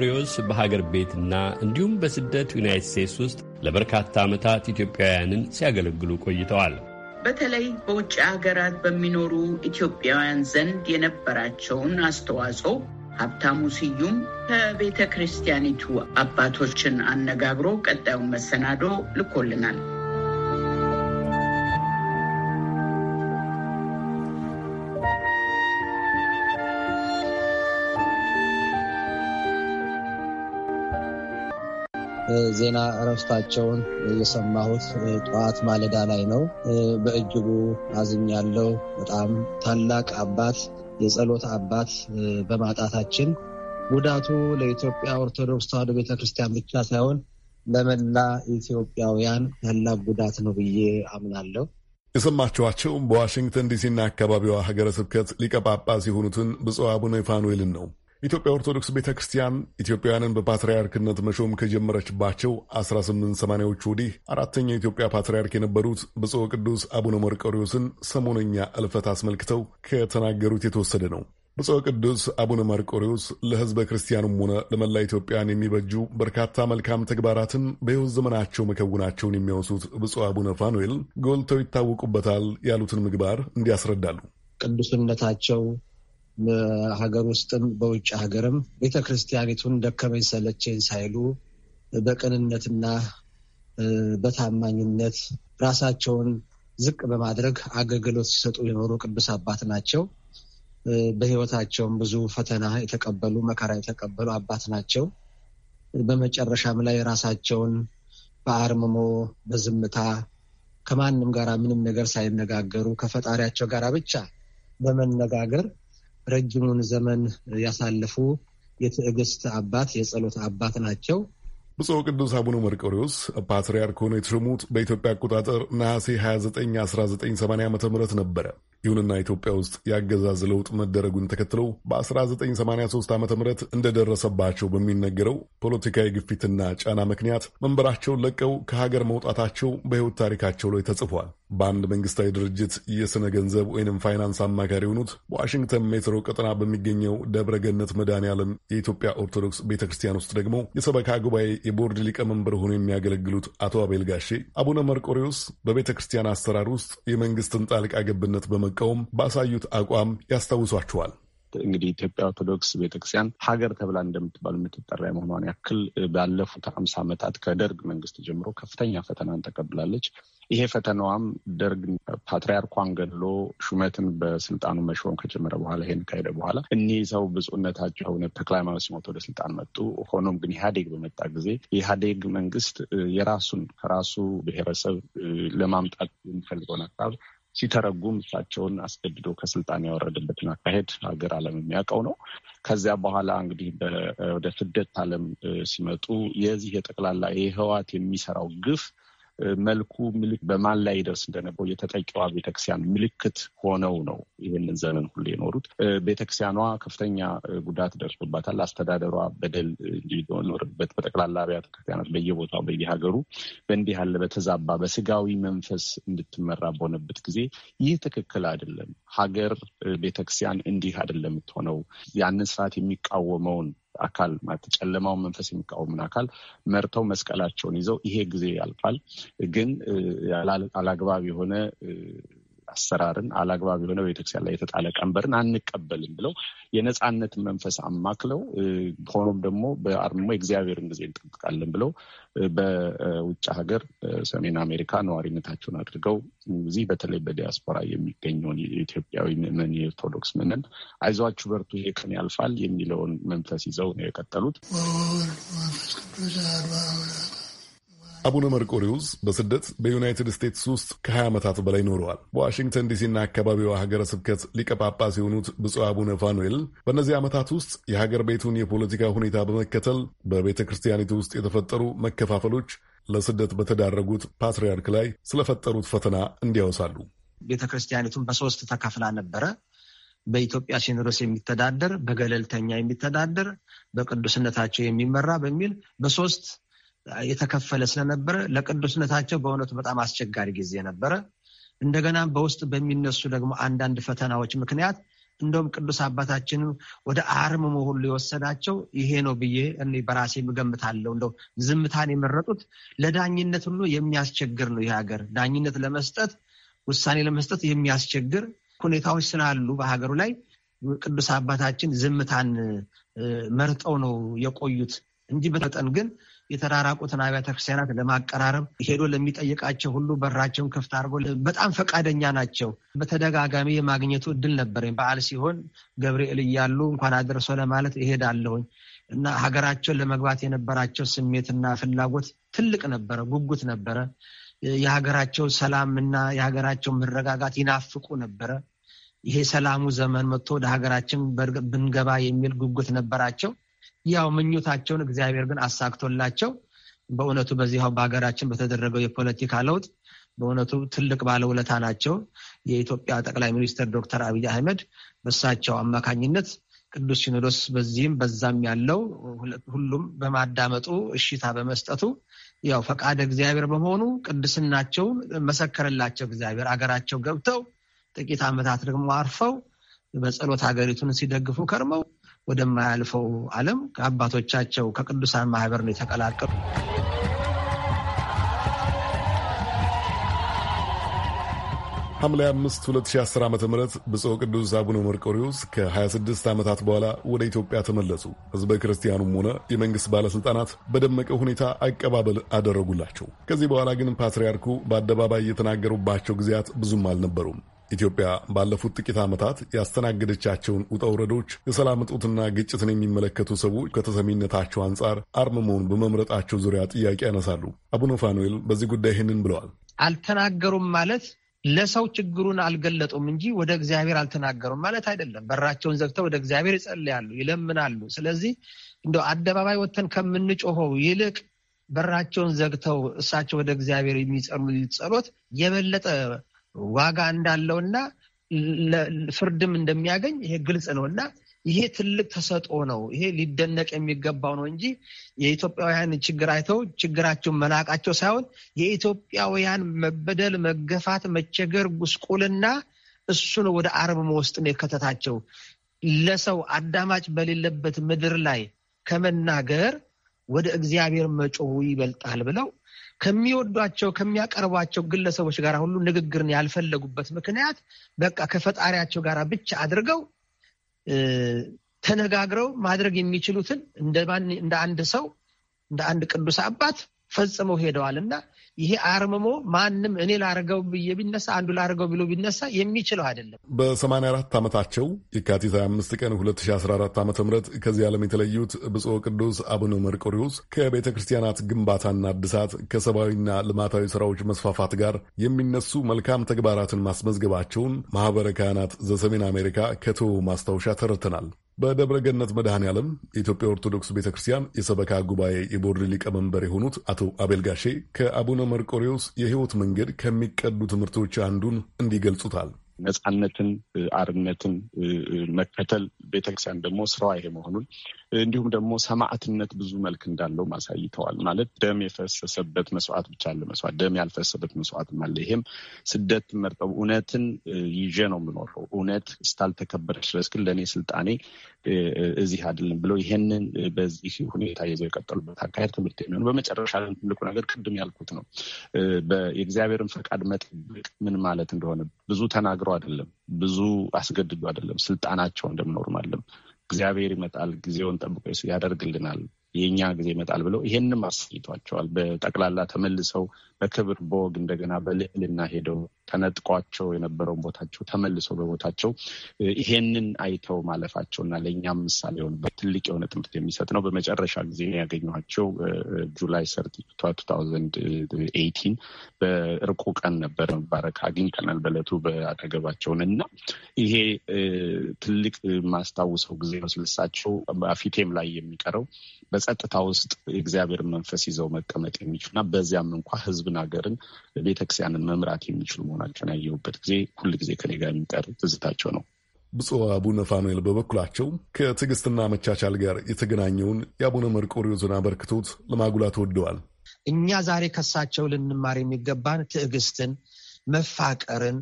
ኮሪዮስ በሀገር ቤትና እንዲሁም በስደት ዩናይት ስቴትስ ውስጥ ለበርካታ ዓመታት ኢትዮጵያውያንን ሲያገለግሉ ቆይተዋል። በተለይ በውጭ ሀገራት በሚኖሩ ኢትዮጵያውያን ዘንድ የነበራቸውን አስተዋጽኦ ሀብታሙ ስዩም ከቤተ ክርስቲያኒቱ አባቶችን አነጋግሮ ቀጣዩን መሰናዶ ልኮልናል። ዜና እረፍታቸውን የሰማሁት ጠዋት ማለዳ ላይ ነው። በእጅጉ አዝኛለሁ። በጣም ታላቅ አባት፣ የጸሎት አባት በማጣታችን ጉዳቱ ለኢትዮጵያ ኦርቶዶክስ ተዋሕዶ ቤተክርስቲያን ብቻ ሳይሆን ለመላ ኢትዮጵያውያን ታላቅ ጉዳት ነው ብዬ አምናለሁ። የሰማችኋቸው በዋሽንግተን ዲሲና አካባቢዋ ሀገረ ስብከት ሊቀ ጳጳስ የሆኑትን ብፁዕ አቡነ ፋኑኤልን ነው። ኢትዮጵያ ኦርቶዶክስ ቤተ ክርስቲያን ኢትዮጵያውያንን በፓትርያርክነት መሾም ከጀመረችባቸው 1880ዎች ወዲህ አራተኛ የኢትዮጵያ ፓትርያርክ የነበሩት ብፁዕ ቅዱስ አቡነ መርቆሪዎስን ሰሞነኛ እልፈት አስመልክተው ከተናገሩት የተወሰደ ነው። ብፁዕ ቅዱስ አቡነ መርቆሪዎስ ለሕዝበ ክርስቲያኑም ሆነ ለመላ ኢትዮጵያን የሚበጁ በርካታ መልካም ተግባራትን በሕይወት ዘመናቸው መከውናቸውን የሚያወሱት ብፁዕ አቡነ ፋኑኤል ጎልተው ይታወቁበታል ያሉትን ምግባር እንዲያስረዳሉ። ቅዱስነታቸው በሀገር ውስጥም በውጭ ሀገርም ቤተክርስቲያኒቱን ደከመኝ ሰለቸኝ ሳይሉ በቅንነትና በታማኝነት ራሳቸውን ዝቅ በማድረግ አገልግሎት ሲሰጡ የኖሩ ቅዱስ አባት ናቸው። በሕይወታቸውም ብዙ ፈተና የተቀበሉ መከራ የተቀበሉ አባት ናቸው። በመጨረሻም ላይ ራሳቸውን በአርምሞ በዝምታ ከማንም ጋር ምንም ነገር ሳይነጋገሩ ከፈጣሪያቸው ጋር ብቻ በመነጋገር ረጅሙን ዘመን ያሳለፉ የትዕግስት አባት የጸሎት አባት ናቸው። ብፁዕ ቅዱስ አቡነ መርቆሪዎስ ፓትርያርክ ሆነው የተሾሙት በኢትዮጵያ አቆጣጠር ነሐሴ 29 1980 ዓ ም ነበረ። ይሁንና ኢትዮጵያ ውስጥ የአገዛዝ ለውጥ መደረጉን ተከትለው በ1983 ዓ ም እንደደረሰባቸው በሚነገረው ፖለቲካዊ ግፊትና ጫና ምክንያት መንበራቸውን ለቀው ከሀገር መውጣታቸው በሕይወት ታሪካቸው ላይ ተጽፏል። በአንድ መንግስታዊ ድርጅት የሥነ ገንዘብ ወይንም ፋይናንስ አማካሪ የሆኑት በዋሽንግተን ሜትሮ ቀጠና በሚገኘው ደብረ ገነት መድኃኔ ዓለም የኢትዮጵያ ኦርቶዶክስ ቤተ ክርስቲያን ውስጥ ደግሞ የሰበካ ጉባኤ የቦርድ ሊቀመንበር ሆኖ የሚያገለግሉት አቶ አቤል ጋሼ አቡነ መርቆሪዎስ በቤተ ክርስቲያን አሰራር ውስጥ የመንግስትን ጣልቃ ገብነት በመ በመቃወም ባሳዩት አቋም ያስታውሷቸዋል። እንግዲህ ኢትዮጵያ ኦርቶዶክስ ቤተክርስቲያን ሀገር ተብላ እንደምትባል የምትጠራ መሆኗን ያክል ባለፉት አምሳ ዓመታት ከደርግ መንግስት ጀምሮ ከፍተኛ ፈተናን ተቀብላለች። ይሄ ፈተናዋም ደርግ ፓትሪያርኳን ገድሎ ሹመትን በስልጣኑ መሾን ከጀመረ በኋላ ይሄን ካሄደ በኋላ እኒህ ሰው ብፁዕነታቸው አቡነ ተክለ ሃይማኖት ሲሞት ወደ ስልጣን መጡ። ሆኖም ግን ኢህአዴግ በመጣ ጊዜ የኢህአዴግ መንግስት የራሱን ከራሱ ብሔረሰብ ለማምጣት የሚፈልገውን አካባቢ ሲተረጉም እሳቸውን አስገድዶ ከስልጣን ያወረደበትን አካሄድ ሀገር ዓለም የሚያውቀው ነው። ከዚያ በኋላ እንግዲህ ወደ ስደት ዓለም ሲመጡ የዚህ የጠቅላላ የህዋት የሚሰራው ግፍ መልኩ ምልክ በማን ላይ ይደርስ እንደነበው የተጠቂዋ ቤተክርስቲያን ምልክት ሆነው ነው ይህንን ዘመን ሁሉ የኖሩት። ቤተክርስቲያኗ ከፍተኛ ጉዳት ደርሶባታል። አስተዳደሯ በደል እንዲኖርበት በጠቅላላ አብያተ ክርስቲያናት በየቦታው በየሀገሩ በእንዲህ ያለ በተዛባ በስጋዊ መንፈስ እንድትመራ በሆነበት ጊዜ ይህ ትክክል አይደለም። ሀገር ቤተክርስቲያን እንዲህ አይደለም የምትሆነው ያንን ስርዓት የሚቃወመውን አካል ማለት ጨለማውን መንፈስ የሚቃወሙን አካል መርተው መስቀላቸውን ይዘው ይሄ ጊዜ ያልፋል፣ ግን አላግባብ የሆነ አሰራርን፣ አላግባብ የሆነ ቤተክርስቲያን ላይ የተጣለ ቀንበርን አንቀበልም ብለው የነፃነትን መንፈስ አማክለው ሆኖም ደግሞ በአርምሞ የእግዚአብሔርን ጊዜ እንጠብቃለን ብለው በውጭ ሀገር ሰሜን አሜሪካ ነዋሪነታቸውን አድርገው እዚህ በተለይ በዲያስፖራ የሚገኘውን የኢትዮጵያዊ ምዕመን የኦርቶዶክስ ምዕመን አይዟችሁ በርቱ፣ ይሄ ቀን ያልፋል የሚለውን መንፈስ ይዘው ነው የቀጠሉት። አቡነ መርቆሪዎስ በስደት በዩናይትድ ስቴትስ ውስጥ ከ20 ዓመታት በላይ ኖረዋል። በዋሽንግተን ዲሲና አካባቢዋ ሀገረ ስብከት ሊቀ ጳጳስ የሆኑት ብፁዕ አቡነ ፋኑኤል በእነዚህ ዓመታት ውስጥ የሀገር ቤቱን የፖለቲካ ሁኔታ በመከተል በቤተ ክርስቲያኒቱ ውስጥ የተፈጠሩ መከፋፈሎች ለስደት በተዳረጉት ፓትርያርክ ላይ ስለፈጠሩት ፈተና እንዲያወሳሉ። ቤተ ክርስቲያኒቱን በሶስት ተከፍላ ነበረ። በኢትዮጵያ ሲኖዶስ የሚተዳደር፣ በገለልተኛ የሚተዳደር፣ በቅዱስነታቸው የሚመራ በሚል በሶስት የተከፈለ ስለነበረ ለቅዱስነታቸው በእውነቱ በጣም አስቸጋሪ ጊዜ ነበረ። እንደገና በውስጥ በሚነሱ ደግሞ አንዳንድ ፈተናዎች ምክንያት እንደውም ቅዱስ አባታችን ወደ አርምሞ ሁሉ የወሰዳቸው ይሄ ነው ብዬ እኔ በራሴ የምገምታለሁ። እንደው ዝምታን የመረጡት ለዳኝነት ሁሉ የሚያስቸግር ነው። ይህ ሀገር ዳኝነት ለመስጠት ውሳኔ ለመስጠት የሚያስቸግር ሁኔታዎች ስላሉ በሀገሩ ላይ ቅዱስ አባታችን ዝምታን መርጠው ነው የቆዩት እንጂ በመጠን ግን የተራራቁትን አብያተ ክርስቲያናት ለማቀራረብ ሄዶ ለሚጠይቃቸው ሁሉ በራቸውን ክፍት አድርጎ በጣም ፈቃደኛ ናቸው። በተደጋጋሚ የማግኘቱ እድል ነበረኝ። በዓል ሲሆን ገብርኤል እያሉ እንኳን አድርሶ ለማለት እሄዳለሁኝ እና ሀገራቸውን ለመግባት የነበራቸው ስሜትና ፍላጎት ትልቅ ነበረ፣ ጉጉት ነበረ። የሀገራቸው ሰላም እና የሀገራቸው መረጋጋት ይናፍቁ ነበረ። ይሄ ሰላሙ ዘመን መጥቶ ወደ ሀገራችን ብንገባ የሚል ጉጉት ነበራቸው። ያው ምኞታቸውን እግዚአብሔር ግን አሳክቶላቸው በእውነቱ በዚያው በሀገራችን በተደረገው የፖለቲካ ለውጥ በእውነቱ ትልቅ ባለውለታ ናቸው። የኢትዮጵያ ጠቅላይ ሚኒስትር ዶክተር አብይ አህመድ በእሳቸው አማካኝነት ቅዱስ ሲኖዶስ በዚህም በዛም ያለው ሁሉም በማዳመጡ እሽታ በመስጠቱ ያው ፈቃደ እግዚአብሔር በመሆኑ ቅድስናቸውን መሰከረላቸው እግዚአብሔር። አገራቸው ገብተው ጥቂት ዓመታት ደግሞ አርፈው በጸሎት ሀገሪቱን ሲደግፉ ከርመው ወደማያልፈው ዓለም ከአባቶቻቸው ከቅዱሳን ማህበር ነው የተቀላቀሉ። ሐምሌ 5 2010 ዓ ም ብፁዕ ቅዱስ አቡነ መርቆሪዎስ ከ26 ዓመታት በኋላ ወደ ኢትዮጵያ ተመለሱ። ሕዝበ ክርስቲያኑም ሆነ የመንግሥት ባለሥልጣናት በደመቀ ሁኔታ አቀባበል አደረጉላቸው። ከዚህ በኋላ ግን ፓትርያርኩ በአደባባይ የተናገሩባቸው ጊዜያት ብዙም አልነበሩም። ኢትዮጵያ ባለፉት ጥቂት ዓመታት ያስተናገደቻቸውን ውጣ ውረዶች፣ የሰላም እጦትና ግጭትን የሚመለከቱ ሰዎች ከተሰሚነታቸው አንጻር አርምመውን በመምረጣቸው ዙሪያ ጥያቄ ያነሳሉ። አቡነ ፋኑኤል በዚህ ጉዳይ ይህንን ብለዋል። አልተናገሩም ማለት ለሰው ችግሩን አልገለጡም እንጂ ወደ እግዚአብሔር አልተናገሩም ማለት አይደለም። በራቸውን ዘግተው ወደ እግዚአብሔር ይጸልያሉ፣ ይለምናሉ። ስለዚህ እንደው አደባባይ ወጥተን ከምንጮኸው ይልቅ በራቸውን ዘግተው እሳቸው ወደ እግዚአብሔር የሚጸሉ ጸሎት የበለጠ ዋጋ እንዳለውና ፍርድም እንደሚያገኝ ይሄ ግልጽ ነው እና ይሄ ትልቅ ተሰጥኦ ነው። ይሄ ሊደነቅ የሚገባው ነው እንጂ የኢትዮጵያውያን ችግር አይተው ችግራቸውን መናቃቸው ሳይሆን የኢትዮጵያውያን መበደል፣ መገፋት፣ መቸገር፣ ጉስቁልና እሱን ወደ አረብ ውስጥ ነው የከተታቸው። ለሰው አዳማጭ በሌለበት ምድር ላይ ከመናገር ወደ እግዚአብሔር መጮሁ ይበልጣል ብለው ከሚወዷቸው ከሚያቀርቧቸው ግለሰቦች ጋር ሁሉ ንግግርን ያልፈለጉበት ምክንያት በቃ ከፈጣሪያቸው ጋር ብቻ አድርገው ተነጋግረው ማድረግ የሚችሉትን እንደ አንድ ሰው እንደ አንድ ቅዱስ አባት ፈጽመው ሄደዋል እና ይሄ አርምሞ ማንም እኔ ላረገው ብዬ ቢነሳ አንዱ ላረገው ብሎ ቢነሳ የሚችለው አይደለም። በ84 ዓመታቸው የካቲት 25 ቀን 2014 ዓ ም ከዚህ ዓለም የተለዩት ብፁዕ ቅዱስ አቡነ መርቆሪዎስ ከቤተ ክርስቲያናት ግንባታና እድሳት ከሰብአዊና ልማታዊ ስራዎች መስፋፋት ጋር የሚነሱ መልካም ተግባራትን ማስመዝገባቸውን ማኅበረ ካህናት ዘሰሜን አሜሪካ ከቶ ማስታወሻ ተረድተናል። በደብረ ገነት መድኃኔ ዓለም የኢትዮጵያ ኦርቶዶክስ ቤተ ክርስቲያን የሰበካ ጉባኤ የቦርድ ሊቀመንበር የሆኑት አቶ አቤል ጋሼ ከአቡነ መርቆሬዎስ የሕይወት መንገድ ከሚቀዱ ትምህርቶች አንዱን እንዲገልጹታል። ነጻነትን፣ አርነትን መከተል ቤተክርስቲያን ደግሞ ስራዋ ይሄ መሆኑን እንዲሁም ደግሞ ሰማዕትነት ብዙ መልክ እንዳለው አሳይተዋል። ማለት ደም የፈሰሰበት መስዋዕት ብቻ አለ መስዋዕት፣ ደም ያልፈሰበት መስዋዕት አለ። ይሄም ስደት መርጠው እውነትን ይዤ ነው የምኖረው እውነት እስካልተከበረች ድረስ ግን ለእኔ ስልጣኔ እዚህ አይደለም ብለው ይሄንን በዚህ ሁኔታ ይዘው የቀጠሉበት አካሄድ ትምህርት የሚሆኑ በመጨረሻ ትልቁ ነገር ቅድም ያልኩት ነው። የእግዚአብሔርን ፈቃድ መጠበቅ ምን ማለት እንደሆነ ብዙ ተናግረው አይደለም ብዙ አስገድዱ አይደለም ስልጣናቸው እንደምኖርም አይደለም እግዚአብሔር ይመጣል፣ ጊዜውን ጠብቆ ያደርግልናል የእኛ ጊዜ ይመጣል ብለው ይሄንም አስይቷቸዋል። በጠቅላላ ተመልሰው በክብር በወግ እንደገና በልዕልና ሄደው ተነጥቋቸው የነበረውን ቦታቸው ተመልሰው በቦታቸው ይሄንን አይተው ማለፋቸው እና ለእኛም ምሳሌ የሆኑበት ትልቅ የሆነ ትምህርት የሚሰጥ ነው። በመጨረሻ ጊዜ ያገኘኋቸው ጁላይ ሰርቲ ቱ ታውዘንድ ኤይቲን በእርቁ ቀን ነበር። መባረክ አግኝተናል በዕለቱ በአጠገባቸውን እና ይሄ ትልቅ ማስታውሰው ጊዜ ነው። ስልሳቸው ፊቴም ላይ የሚቀረው በጸጥታ ውስጥ የእግዚአብሔርን መንፈስ ይዘው መቀመጥ የሚችሉና በዚያም እንኳ ህዝብን፣ ሀገርን፣ ቤተክርስቲያንን መምራት የሚችሉ መሆናቸውን ያየሁበት ጊዜ ሁል ጊዜ ከኔ ጋር የሚቀር ትዝታቸው ነው። ብፁዕ አቡነ ፋኑኤል በበኩላቸው ከትዕግስትና መቻቻል ጋር የተገናኘውን የአቡነ መርቆሪዎስን አበርክቶት ለማጉላት ወደዋል። እኛ ዛሬ ከሳቸው ልንማር የሚገባን ትዕግስትን፣ መፋቀርን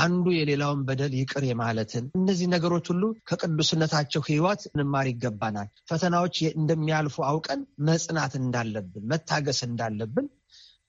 አንዱ የሌላውን በደል ይቅር የማለትን እነዚህ ነገሮች ሁሉ ከቅዱስነታቸው ህይወት እንማር ይገባናል። ፈተናዎች እንደሚያልፉ አውቀን መጽናት እንዳለብን፣ መታገስ እንዳለብን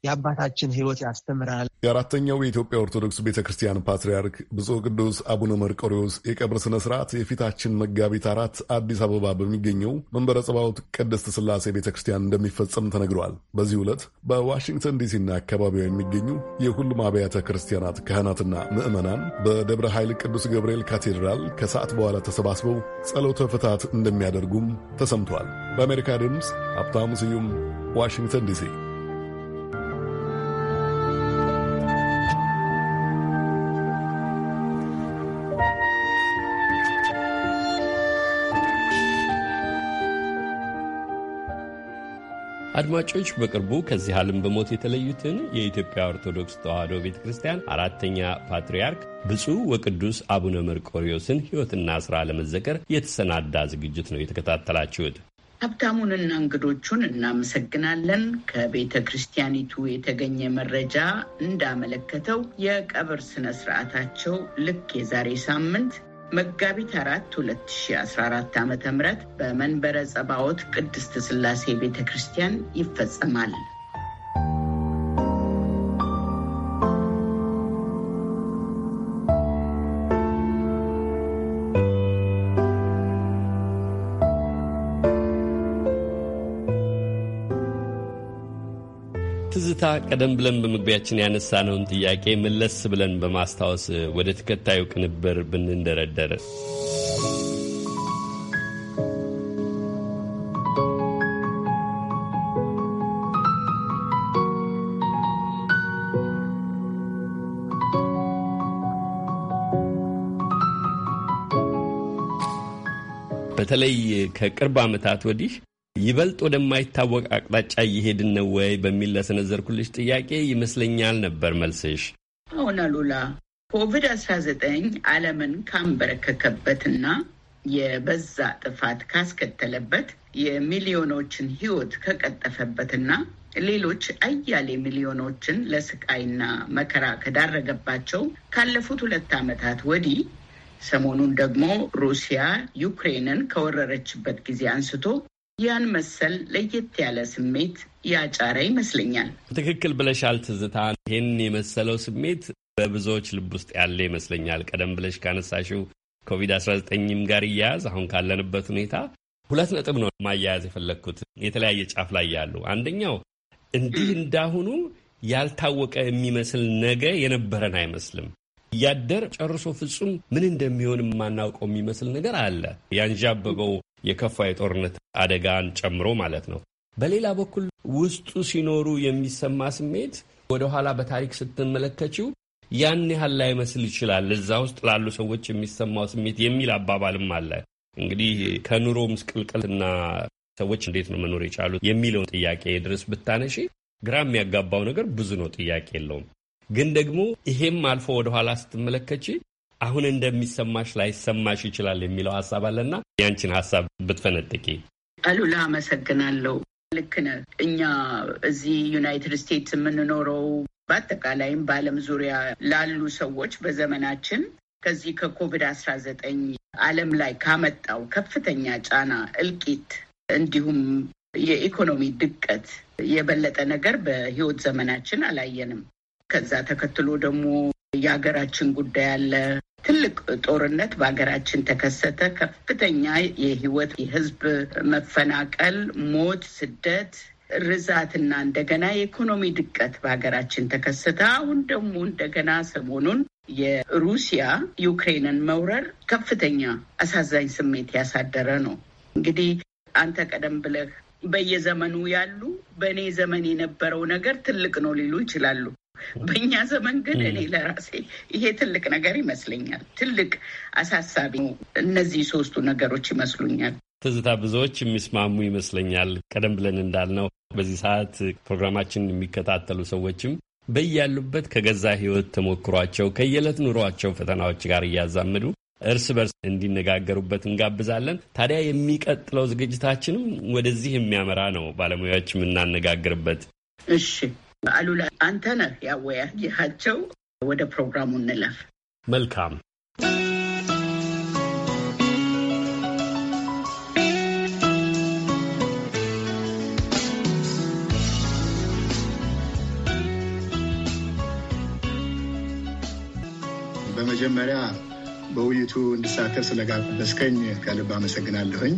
የአባታችን ሕይወት ያስተምራል። የአራተኛው የኢትዮጵያ ኦርቶዶክስ ቤተ ክርስቲያን ፓትርያርክ ብፁዕ ቅዱስ አቡነ መርቆሪዎስ የቀብር ስነ ስርዓት የፊታችን መጋቢት አራት አዲስ አበባ በሚገኘው መንበረ ጸባዖት ቅድስት ስላሴ ቤተ ክርስቲያን እንደሚፈጸም ተነግሯል። በዚህ ዕለት በዋሽንግተን ዲሲና አካባቢዋ የሚገኙ የሁሉም አብያተ ክርስቲያናት ካህናትና ምዕመናን በደብረ ኃይል ቅዱስ ገብርኤል ካቴድራል ከሰዓት በኋላ ተሰባስበው ጸሎተ ፍታት እንደሚያደርጉም ተሰምቷል። በአሜሪካ ድምፅ ሀብታሙ ስዩም ዋሽንግተን ዲሲ አድማጮች በቅርቡ ከዚህ ዓለም በሞት የተለዩትን የኢትዮጵያ ኦርቶዶክስ ተዋሕዶ ቤተ ክርስቲያን አራተኛ ፓትርያርክ ብፁዕ ወቅዱስ አቡነ መርቆሪዎስን ሕይወትና ሥራ ለመዘከር የተሰናዳ ዝግጅት ነው የተከታተላችሁት። ሀብታሙንና እንግዶቹን እናመሰግናለን። ከቤተ ክርስቲያኒቱ የተገኘ መረጃ እንዳመለከተው የቀብር ስነ ስርዓታቸው ልክ የዛሬ ሳምንት መጋቢት አራት 2014 ዓ ም በመንበረ ጸባዖት ቅድስት ስላሴ ቤተ ክርስቲያን ይፈጸማል። ትዝታ ቀደም ብለን በመግቢያችን ያነሳነውን ጥያቄ መለስ ብለን በማስታወስ ወደ ተከታዩ ቅንብር ብንንደረደር በተለይ ከቅርብ ዓመታት ወዲህ ይበልጥ ወደማይታወቅ አቅጣጫ እየሄድን ነው ወይ በሚል ለሰነዘርኩልሽ ጥያቄ ይመስለኛል ነበር መልስሽ። አሁን አሉላ ኮቪድ 19አለምን ዓለምን ካንበረከከበትና የበዛ ጥፋት ካስከተለበት የሚሊዮኖችን ሕይወት ከቀጠፈበትና ሌሎች አያሌ ሚሊዮኖችን ለስቃይና መከራ ከዳረገባቸው ካለፉት ሁለት ዓመታት ወዲህ ሰሞኑን ደግሞ ሩሲያ ዩክሬንን ከወረረችበት ጊዜ አንስቶ ያን መሰል ለየት ያለ ስሜት ያጫረ ይመስለኛል። ትክክል ብለሻል ትዝታ። ይህን የመሰለው ስሜት በብዙዎች ልብ ውስጥ ያለ ይመስለኛል። ቀደም ብለሽ ካነሳሽው ኮቪድ-19ም ጋር እያያዝ አሁን ካለንበት ሁኔታ ሁለት ነጥብ ነው ማያያዝ የፈለግኩት የተለያየ ጫፍ ላይ ያሉ። አንደኛው እንዲህ እንዳሁኑ ያልታወቀ የሚመስል ነገ የነበረን አይመስልም። እያደር ጨርሶ ፍጹም ምን እንደሚሆን የማናውቀው የሚመስል ነገር አለ ያንዣበበው የከፋ የጦርነት አደጋን ጨምሮ ማለት ነው። በሌላ በኩል ውስጡ ሲኖሩ የሚሰማ ስሜት ወደኋላ በታሪክ ስትመለከችው ያን ያህል ላይመስል ይችላል። እዛ ውስጥ ላሉ ሰዎች የሚሰማው ስሜት የሚል አባባልም አለ። እንግዲህ ከኑሮ ምስቅልቅልና ሰዎች እንዴት ነው መኖር የቻሉት የሚለውን ጥያቄ ድረስ ብታነሺ ግራ የሚያጋባው ነገር ብዙ ነው፣ ጥያቄ የለውም። ግን ደግሞ ይሄም አልፎ ወደኋላ ስትመለከች አሁን እንደሚሰማሽ ላይሰማሽ ይችላል የሚለው ሀሳብ አለና ያንቺን ሀሳብ ብትፈነጥቂ። አሉላ አመሰግናለሁ። ልክ ነህ። እኛ እዚህ ዩናይትድ ስቴትስ የምንኖረው በአጠቃላይም በዓለም ዙሪያ ላሉ ሰዎች በዘመናችን ከዚህ ከኮቪድ አስራ ዘጠኝ ዓለም ላይ ካመጣው ከፍተኛ ጫና፣ እልቂት እንዲሁም የኢኮኖሚ ድቀት የበለጠ ነገር በህይወት ዘመናችን አላየንም። ከዛ ተከትሎ ደግሞ የሀገራችን ጉዳይ አለ። ትልቅ ጦርነት በሀገራችን ተከሰተ። ከፍተኛ የህይወት የህዝብ መፈናቀል፣ ሞት፣ ስደት ርዛትና እንደገና የኢኮኖሚ ድቀት በሀገራችን ተከሰተ። አሁን ደግሞ እንደገና ሰሞኑን የሩሲያ ዩክሬንን መውረር ከፍተኛ አሳዛኝ ስሜት ያሳደረ ነው። እንግዲህ አንተ ቀደም ብለህ በየዘመኑ ያሉ በእኔ ዘመን የነበረው ነገር ትልቅ ነው ሊሉ ይችላሉ። በእኛ ዘመን ግን እኔ ለራሴ ይሄ ትልቅ ነገር ይመስለኛል። ትልቅ አሳሳቢ እነዚህ ሶስቱ ነገሮች ይመስሉኛል። ትዝታ ብዙዎች የሚስማሙ ይመስለኛል። ቀደም ብለን እንዳልነው በዚህ ሰዓት ፕሮግራማችን የሚከታተሉ ሰዎችም በያሉበት ከገዛ ሕይወት ተሞክሯቸው ከየዕለት ኑሯቸው ፈተናዎች ጋር እያዛመዱ እርስ በርስ እንዲነጋገሩበት እንጋብዛለን። ታዲያ የሚቀጥለው ዝግጅታችንም ወደዚህ የሚያመራ ነው። ባለሙያዎች የምናነጋግርበት እሺ አሉላ አንተ ነህ ያወያያቸው። ወደ ፕሮግራሙ እንለፍ። መልካም በመጀመሪያ በውይይቱ እንድሳተፍ ስለጋበዝከኝ ከልብ አመሰግናለሁኝ።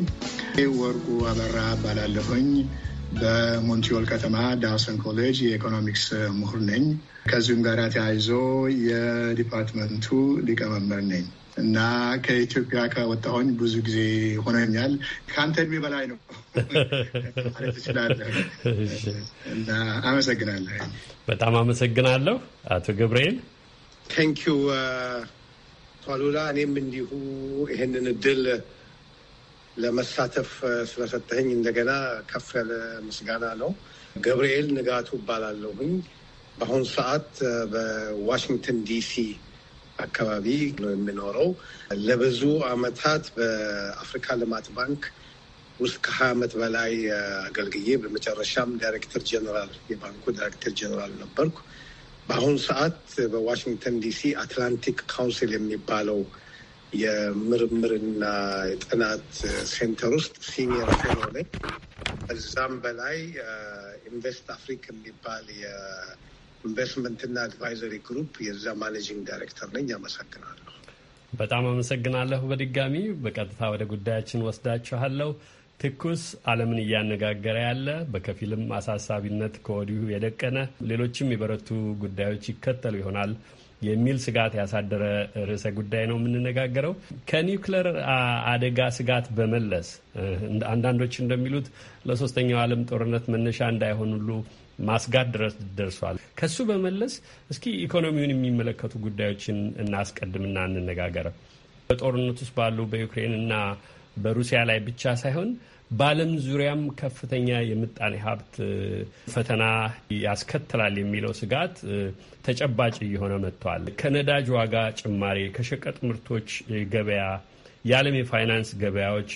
ወርቁ አበራ እባላለሁኝ። በሞንትሪዮል ከተማ ዳውሰን ኮሌጅ የኢኮኖሚክስ ምሁር ነኝ። ከዚሁም ጋር ተያይዞ የዲፓርትመንቱ ሊቀመንበር ነኝ እና ከኢትዮጵያ ከወጣሁኝ ብዙ ጊዜ ሆነኛል። ከአንተ እድሜ በላይ ነው ማለት ትችላለህ። እና አመሰግናለሁ። በጣም አመሰግናለሁ አቶ ገብርኤል። ታንኪዩ አሉላ። uh, እኔም እንዲሁ ይህንን እድል ለመሳተፍ ስለሰጠኝ እንደገና ከፍ ያለ ምስጋና ነው። ገብርኤል ንጋቱ እባላለሁኝ። በአሁኑ ሰዓት በዋሽንግተን ዲሲ አካባቢ ነው የሚኖረው። ለብዙ አመታት በአፍሪካ ልማት ባንክ ውስጥ ከሀያ ዓመት በላይ አገልግዬ በመጨረሻም ዳይሬክተር ጀነራል የባንኩ ዳይሬክተር ጀነራል ነበርኩ። በአሁኑ ሰዓት በዋሽንግተን ዲሲ አትላንቲክ ካውንስል የሚባለው የምርምርና ጥናት ሴንተር ውስጥ ሲኒየር ፌሎ ነኝ። እዛም በላይ ኢንቨስት አፍሪክ የሚባል የኢንቨስትመንትና አድቫይዘሪ ግሩፕ የዛ ማኔጂንግ ዳይሬክተር ነኝ። አመሰግናለሁ። በጣም አመሰግናለሁ። በድጋሚ በቀጥታ ወደ ጉዳያችን ወስዳችኋለሁ። ትኩስ ዓለምን እያነጋገረ ያለ በከፊልም አሳሳቢነት ከወዲሁ የደቀነ ሌሎችም የበረቱ ጉዳዮች ይከተሉ ይሆናል። የሚል ስጋት ያሳደረ ርዕሰ ጉዳይ ነው የምንነጋገረው። ከኒውክለር አደጋ ስጋት በመለስ አንዳንዶች እንደሚሉት ለሶስተኛው ዓለም ጦርነት መነሻ እንዳይሆን ሁሉ ማስጋት ድረስ ደርሷል። ከሱ በመለስ እስኪ ኢኮኖሚውን የሚመለከቱ ጉዳዮችን እናስቀድምና እንነጋገር። በጦርነት ውስጥ ባሉ በዩክሬን እና በሩሲያ ላይ ብቻ ሳይሆን በዓለም ዙሪያም ከፍተኛ የምጣኔ ሀብት ፈተና ያስከትላል የሚለው ስጋት ተጨባጭ እየሆነ መጥቷል። ከነዳጅ ዋጋ ጭማሬ፣ ከሸቀጥ ምርቶች ገበያ፣ የዓለም የፋይናንስ ገበያዎች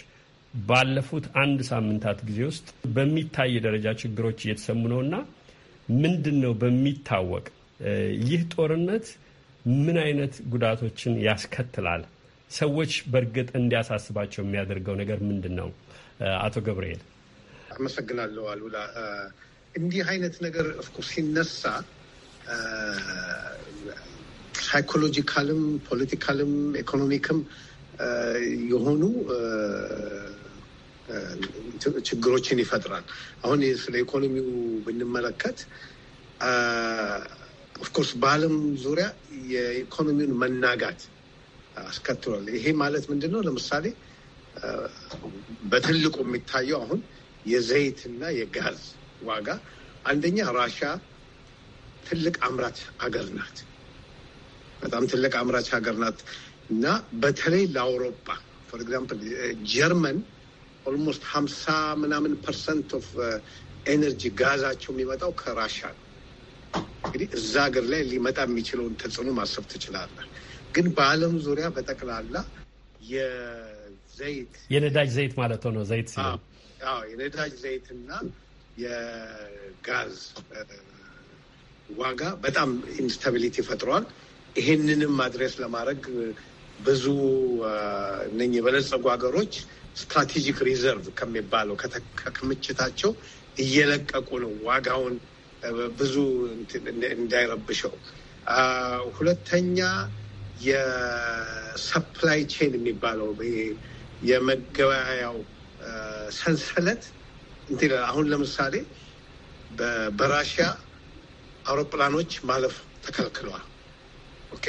ባለፉት አንድ ሳምንታት ጊዜ ውስጥ በሚታይ ደረጃ ችግሮች እየተሰሙ ነውና ምንድን ነው በሚታወቅ ይህ ጦርነት ምን አይነት ጉዳቶችን ያስከትላል? ሰዎች በእርግጥ እንዲያሳስባቸው የሚያደርገው ነገር ምንድን ነው? አቶ ገብርኤል አመሰግናለሁ። አሉላ እንዲህ አይነት ነገር እኮ ሲነሳ ሳይኮሎጂካልም፣ ፖለቲካልም፣ ኢኮኖሚክም የሆኑ ችግሮችን ይፈጥራል። አሁን ስለ ኢኮኖሚው ብንመለከት ኦፍኮርስ በዓለም ዙሪያ የኢኮኖሚውን መናጋት አስከትሏል። ይሄ ማለት ምንድን ነው? ለምሳሌ በትልቁ የሚታየው አሁን የዘይትና የጋዝ ዋጋ አንደኛ ራሻ ትልቅ አምራች ሀገር ናት። በጣም ትልቅ አምራች ሀገር ናት እና በተለይ ለአውሮፓ ፎር ኤግዛምፕል ጀርመን ኦልሞስት ሀምሳ ምናምን ፐርሰንት ኦፍ ኤነርጂ ጋዛቸው የሚመጣው ከራሻ ነው። እንግዲህ እዛ ሀገር ላይ ሊመጣ የሚችለውን ተጽዕኖ ማሰብ ትችላለህ። ግን በዓለም ዙሪያ በጠቅላላ ዘይት የነዳጅ ዘይት ማለት ነው። ዘይት ሲ የነዳጅ ዘይትና የጋዝ ዋጋ በጣም ኢንስታቢሊቲ ፈጥሯል። ይሄንንም አድሬስ ለማድረግ ብዙ እነኝ የበለጸጉ ሀገሮች ስትራቴጂክ ሪዘርቭ ከሚባለው ከክምችታቸው እየለቀቁ ነው ዋጋውን ብዙ እንዳይረብሸው። ሁለተኛ የሰፕላይ ቼን የሚባለው የመገበያያው ሰንሰለት እንት አሁን ለምሳሌ በራሽያ አውሮፕላኖች ማለፍ ተከልክለዋል። ኦኬ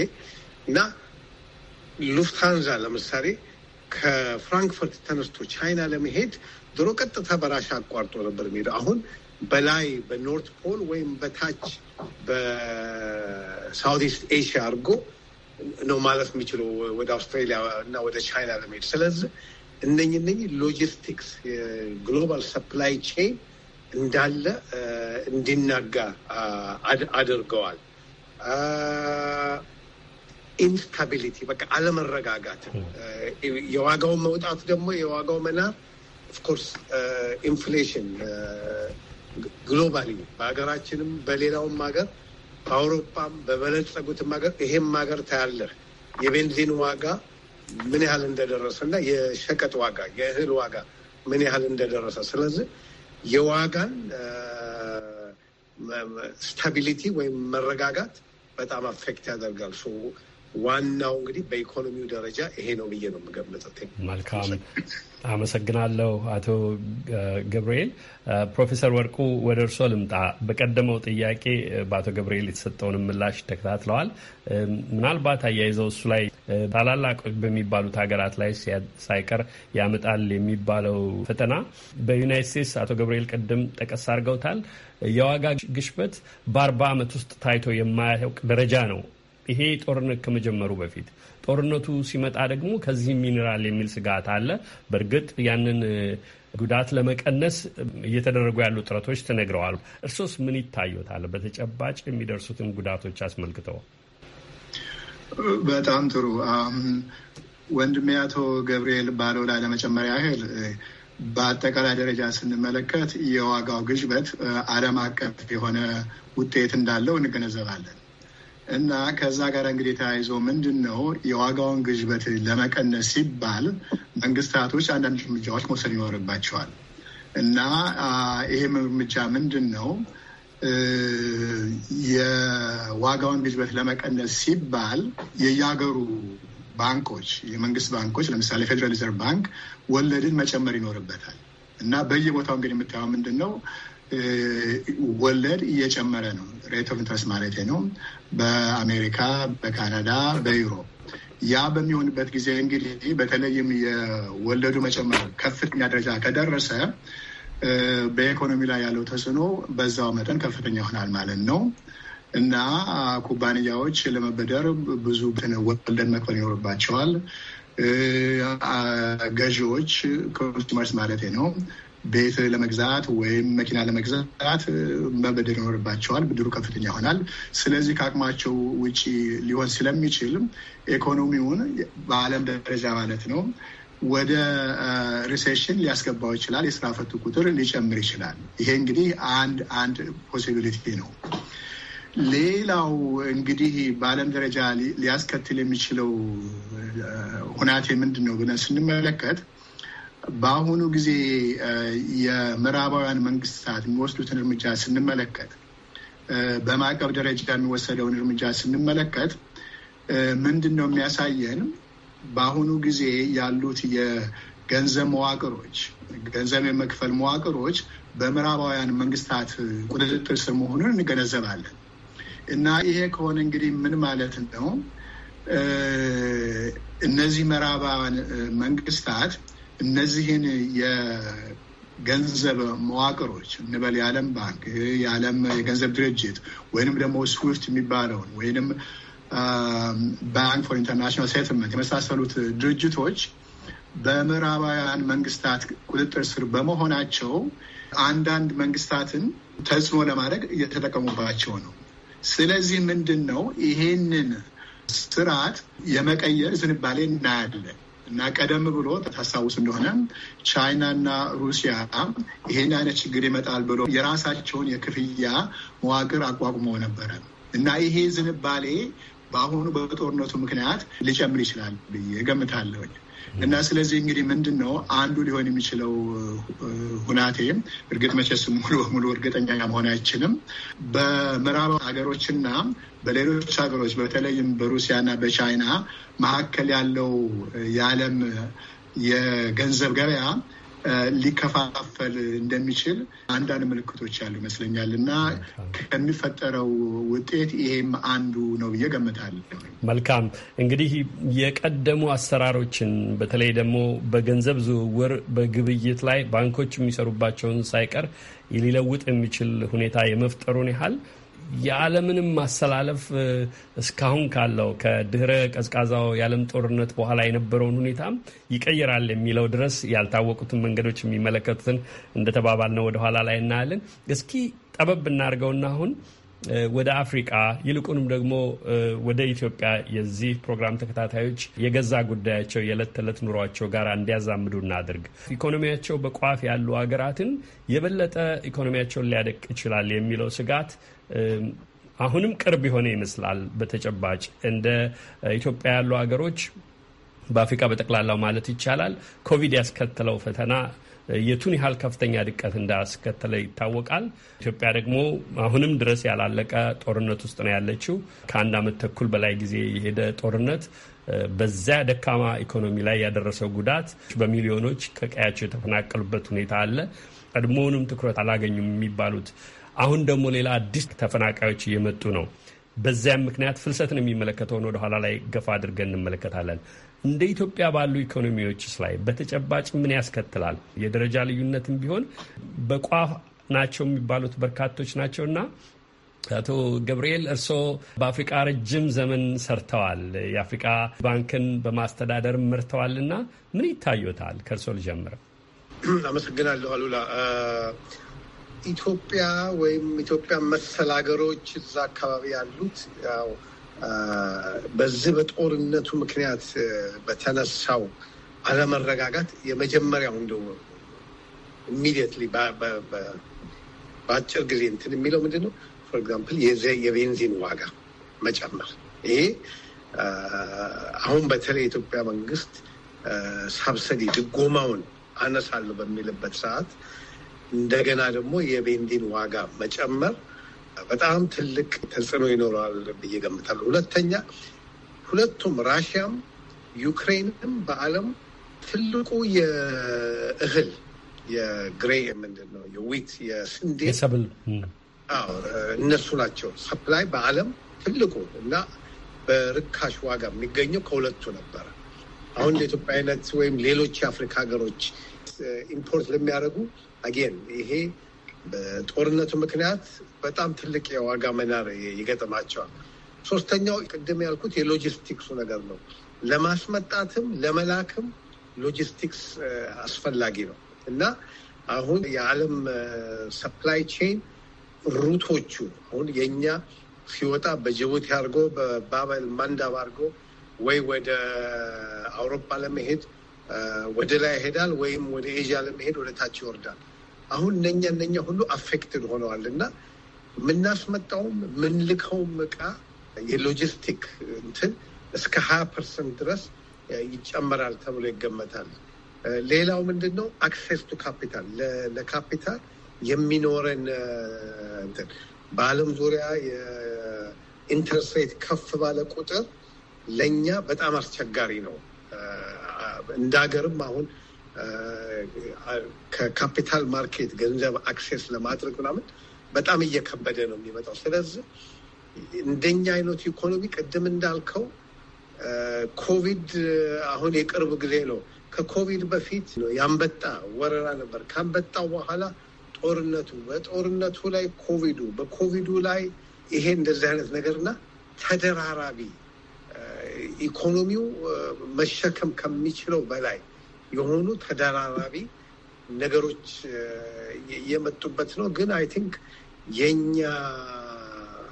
እና ሉፍታንዛ ለምሳሌ ከፍራንክፈርት ተነስቶ ቻይና ለመሄድ ድሮ ቀጥታ በራሻ አቋርጦ ነበር የሚሄደው። አሁን በላይ በኖርት ፖል ወይም በታች በሳውት ኢስት ኤሽያ አድርጎ ነው ማለት የሚችለው ወደ አውስትራሊያ እና ወደ ቻይና ለመሄድ። ስለዚህ እነኝ እነኝ ሎጂስቲክስ ግሎባል ሰፕላይ ቼን እንዳለ እንዲናጋ አድርገዋል። ኢንስታቢሊቲ በቃ አለመረጋጋት፣ የዋጋው መውጣት ደግሞ የዋጋው መና ኦፍኮርስ ኢንፍሌሽን ግሎባሊ በሀገራችንም በሌላውም ሀገር በአውሮፓም በበለጸጉትም ሀገር ይሄም ሀገር ታያለህ የቤንዚን ዋጋ ምን ያህል እንደደረሰ እና የሸቀጥ ዋጋ የእህል ዋጋ ምን ያህል እንደደረሰ። ስለዚህ የዋጋን ስታቢሊቲ ወይም መረጋጋት በጣም አፌክት ያደርጋል። ዋናው እንግዲህ በኢኮኖሚው ደረጃ ይሄ ነው ብዬ ነው የምገምጠው። መልካም አመሰግናለሁ አቶ ገብርኤል። ፕሮፌሰር ወርቁ ወደ እርስዎ ልምጣ። በቀደመው ጥያቄ በአቶ ገብርኤል የተሰጠውን ምላሽ ተከታትለዋል። ምናልባት አያይዘው እሱ ላይ ታላላቅ በሚባሉት ሀገራት ላይ ሳይቀር ያመጣል የሚባለው ፈተና በዩናይት ስቴትስ አቶ ገብርኤል ቅድም ጠቀስ አድርገውታል። የዋጋ ግሽበት በአርባ ዓመት ውስጥ ታይቶ የማያውቅ ደረጃ ነው ይሄ ጦርነት ከመጀመሩ በፊት ጦርነቱ ሲመጣ ደግሞ ከዚህም ሚኔራል የሚል ስጋት አለ። በእርግጥ ያንን ጉዳት ለመቀነስ እየተደረጉ ያሉ ጥረቶች ተነግረዋል። እርሶስ ምን ይታዩታል? በተጨባጭ የሚደርሱትን ጉዳቶች አስመልክተው። በጣም ጥሩ ወንድሜ አቶ ገብርኤል ባለው ላይ ለመጨመሪያ ያህል በአጠቃላይ ደረጃ ስንመለከት የዋጋው ግሽበት ዓለም አቀፍ የሆነ ውጤት እንዳለው እንገነዘባለን። እና ከዛ ጋር እንግዲህ ተያይዞ ምንድን ነው የዋጋውን ግሽበት ለመቀነስ ሲባል መንግስታቶች አንዳንድ እርምጃዎች መውሰድ ይኖርባቸዋል። እና ይህም እርምጃ ምንድን ነው የዋጋውን ግሽበት ለመቀነስ ሲባል የየሀገሩ ባንኮች፣ የመንግስት ባንኮች ለምሳሌ ፌዴራል ሪዘርቭ ባንክ ወለድን መጨመር ይኖርበታል። እና በየቦታው እንግዲህ የምታየው ምንድን ነው ወለድ እየጨመረ ነው። ሬት ኦፍ ኢንትረስት ማለት ነው። በአሜሪካ፣ በካናዳ፣ በዩሮፕ ያ በሚሆንበት ጊዜ እንግዲህ በተለይም የወለዱ መጨመር ከፍተኛ ደረጃ ከደረሰ በኢኮኖሚ ላይ ያለው ተጽዕኖ በዛው መጠን ከፍተኛ ይሆናል ማለት ነው እና ኩባንያዎች ለመበደር ብዙ ወለድ መክፈል ይኖርባቸዋል። ገዢዎች ኮንሱመርስ ማለት ነው ቤት ለመግዛት ወይም መኪና ለመግዛት መበደር ይኖርባቸዋል። ብድሩ ከፍተኛ ይሆናል። ስለዚህ ከአቅማቸው ውጪ ሊሆን ስለሚችልም ኢኮኖሚውን በዓለም ደረጃ ማለት ነው ወደ ሪሴሽን ሊያስገባው ይችላል። የስራ ፈቱ ቁጥር ሊጨምር ይችላል። ይሄ እንግዲህ አንድ አንድ ፖሲቢሊቲ ነው። ሌላው እንግዲህ በዓለም ደረጃ ሊያስከትል የሚችለው ሁናቴ ምንድን ነው ብለን ስንመለከት በአሁኑ ጊዜ የምዕራባውያን መንግስታት የሚወስዱትን እርምጃ ስንመለከት፣ በማዕቀብ ደረጃ የሚወሰደውን እርምጃ ስንመለከት ምንድን ነው የሚያሳየን? በአሁኑ ጊዜ ያሉት የገንዘብ መዋቅሮች ገንዘብ የመክፈል መዋቅሮች በምዕራባውያን መንግስታት ቁጥጥር ስር መሆኑን እንገነዘባለን። እና ይሄ ከሆነ እንግዲህ ምን ማለት ነው? እነዚህ ምዕራባውያን መንግስታት እነዚህን የገንዘብ መዋቅሮች እንበል የዓለም ባንክ፣ የዓለም የገንዘብ ድርጅት ወይንም ደግሞ ስዊፍት የሚባለውን ወይንም ባንክ ፎር ኢንተርናሽናል ሴትልመንት የመሳሰሉት ድርጅቶች በምዕራባውያን መንግስታት ቁጥጥር ስር በመሆናቸው አንዳንድ መንግስታትን ተጽዕኖ ለማድረግ እየተጠቀሙባቸው ነው። ስለዚህ ምንድን ነው ይሄንን ስርዓት የመቀየር ዝንባሌ እናያለን። እና ቀደም ብሎ ታስታውስ እንደሆነ ቻይናና ሩሲያ ይሄን አይነት ችግር ይመጣል ብሎ የራሳቸውን የክፍያ መዋቅር አቋቁመው ነበረ እና ይሄ ዝንባሌ በአሁኑ በጦርነቱ ምክንያት ሊጨምር ይችላል ብዬ እገምታለሁ። እና ስለዚህ እንግዲህ ምንድን ነው አንዱ ሊሆን የሚችለው ሁናቴ እርግጥ መቼስ ሙሉ በሙሉ እርግጠኛ መሆን አይችልም። በምዕራብ ሀገሮችና በሌሎች ሀገሮች በተለይም በሩሲያና በቻይና መካከል ያለው የዓለም የገንዘብ ገበያ ሊከፋፈል እንደሚችል አንዳንድ ምልክቶች ያሉ ይመስለኛል እና ከሚፈጠረው ውጤት ይሄም አንዱ ነው ብዬ ገምታለሁ። መልካም እንግዲህ የቀደሙ አሰራሮችን በተለይ ደግሞ በገንዘብ ዝውውር፣ በግብይት ላይ ባንኮች የሚሰሩባቸውን ሳይቀር ሊለውጥ የሚችል ሁኔታ የመፍጠሩን ያህል የዓለምንም ማሰላለፍ እስካሁን ካለው ከድህረ ቀዝቃዛው የዓለም ጦርነት በኋላ የነበረውን ሁኔታ ይቀይራል የሚለው ድረስ ያልታወቁትን መንገዶች የሚመለከቱትን እንደተባባልነው ኋላ ላይ እናያለን። እስኪ ጠበብ እናድርገውና አሁን ወደ አፍሪቃ ይልቁንም ደግሞ ወደ ኢትዮጵያ የዚህ ፕሮግራም ተከታታዮች የገዛ ጉዳያቸው የዕለት ተዕለት ኑሯቸው ጋር እንዲያዛምዱ እናድርግ። ኢኮኖሚያቸው በቋፍ ያሉ ሀገራትን የበለጠ ኢኮኖሚያቸውን ሊያደቅ ይችላል የሚለው ስጋት አሁንም ቅርብ የሆነ ይመስላል። በተጨባጭ እንደ ኢትዮጵያ ያሉ ሀገሮች በአፍሪካ በጠቅላላው ማለት ይቻላል ኮቪድ ያስከተለው ፈተና የቱን ያህል ከፍተኛ ድቀት እንዳስከተለ ይታወቃል። ኢትዮጵያ ደግሞ አሁንም ድረስ ያላለቀ ጦርነት ውስጥ ነው ያለችው። ከአንድ ዓመት ተኩል በላይ ጊዜ የሄደ ጦርነት በዛ ደካማ ኢኮኖሚ ላይ ያደረሰው ጉዳት በሚሊዮኖች ከቀያቸው የተፈናቀሉበት ሁኔታ አለ። ቀድሞውንም ትኩረት አላገኙም የሚባሉት አሁን ደግሞ ሌላ አዲስ ተፈናቃዮች እየመጡ ነው። በዚያም ምክንያት ፍልሰትን የሚመለከተውን ወደኋላ ላይ ገፋ አድርገን እንመለከታለን። እንደ ኢትዮጵያ ባሉ ኢኮኖሚዎችስ ላይ በተጨባጭ ምን ያስከትላል? የደረጃ ልዩነትም ቢሆን በቋ ናቸው የሚባሉት በርካቶች ናቸው እና አቶ ገብርኤል እርስዎ በአፍሪቃ ረጅም ዘመን ሰርተዋል። የአፍሪቃ ባንክን በማስተዳደር መርተዋል እና ምን ይታዩታል? ከእርስዎ ልጀምር። አመሰግናለሁ አሉላ። ኢትዮጵያ ወይም ኢትዮጵያ መሰል ሀገሮች እዛ አካባቢ ያሉት ያው በዚህ በጦርነቱ ምክንያት በተነሳው አለመረጋጋት የመጀመሪያው እንደው ኢሚዲየትሊ በአጭር ጊዜ እንትን የሚለው ምንድን ነው? ፎር ኤግዛምፕል የቤንዚን ዋጋ መጨመር። ይሄ አሁን በተለይ የኢትዮጵያ መንግስት ሳብሰዲ ድጎማውን አነሳለሁ በሚልበት ሰዓት እንደገና ደግሞ የቤንዚን ዋጋ መጨመር በጣም ትልቅ ተጽዕኖ ይኖረዋል ብዬ ሁለተኛ ሁለቱም ራሽያም ዩክሬንም በዓለም ትልቁ የእህል የግሬ ምንድን ነው የዊት የስንዴ እነሱ ናቸው ሰፕላይ በዓለም ትልቁ እና በርካሽ ዋጋ የሚገኘው ከሁለቱ ነበረ። አሁን ለኢትዮጵያ አይነት ወይም ሌሎች የአፍሪካ ሀገሮች ኢምፖርት ለሚያደርጉ አጌን ይሄ በጦርነቱ ምክንያት በጣም ትልቅ የዋጋ መናር ይገጥማቸዋል። ሶስተኛው ቅድም ያልኩት የሎጂስቲክሱ ነገር ነው። ለማስመጣትም ለመላክም ሎጂስቲክስ አስፈላጊ ነው እና አሁን የዓለም ሰፕላይ ቼን ሩቶቹ አሁን የእኛ ሲወጣ በጅቡቲ አድርጎ በባበል ማንዳብ አድርጎ ወይ ወደ አውሮፓ ለመሄድ ወደ ላይ ይሄዳል ወይም ወደ ኤዥያ ለመሄድ ወደ ታች ይወርዳል። አሁን እነኛ እነኛ ሁሉ አፌክትድ ሆነዋል እና የምናስመጣውም የምንልከውም እቃ የሎጂስቲክ እንትን እስከ ሀያ ፐርሰንት ድረስ ይጨመራል ተብሎ ይገመታል። ሌላው ምንድን ነው? አክሴስ ቱ ካፒታል ለካፒታል የሚኖረን እንትን በዓለም ዙሪያ የኢንትረስት ሬት ከፍ ባለ ቁጥር ለእኛ በጣም አስቸጋሪ ነው እንደ ሀገርም አሁን ከካፒታል ማርኬት ገንዘብ አክሴስ ለማድረግ ምናምን በጣም እየከበደ ነው የሚመጣው። ስለዚህ እንደኛ አይነቱ ኢኮኖሚ ቅድም እንዳልከው ኮቪድ አሁን የቅርብ ጊዜ ነው። ከኮቪድ በፊት ያንበጣ ወረራ ነበር። ካንበጣው በኋላ ጦርነቱ፣ በጦርነቱ ላይ ኮቪዱ፣ በኮቪዱ ላይ ይሄ እንደዚህ አይነት ነገርና ተደራራቢ ኢኮኖሚው መሸከም ከሚችለው በላይ የሆኑ ተደራራቢ ነገሮች የመጡበት ነው። ግን አይ ቲንክ የኛ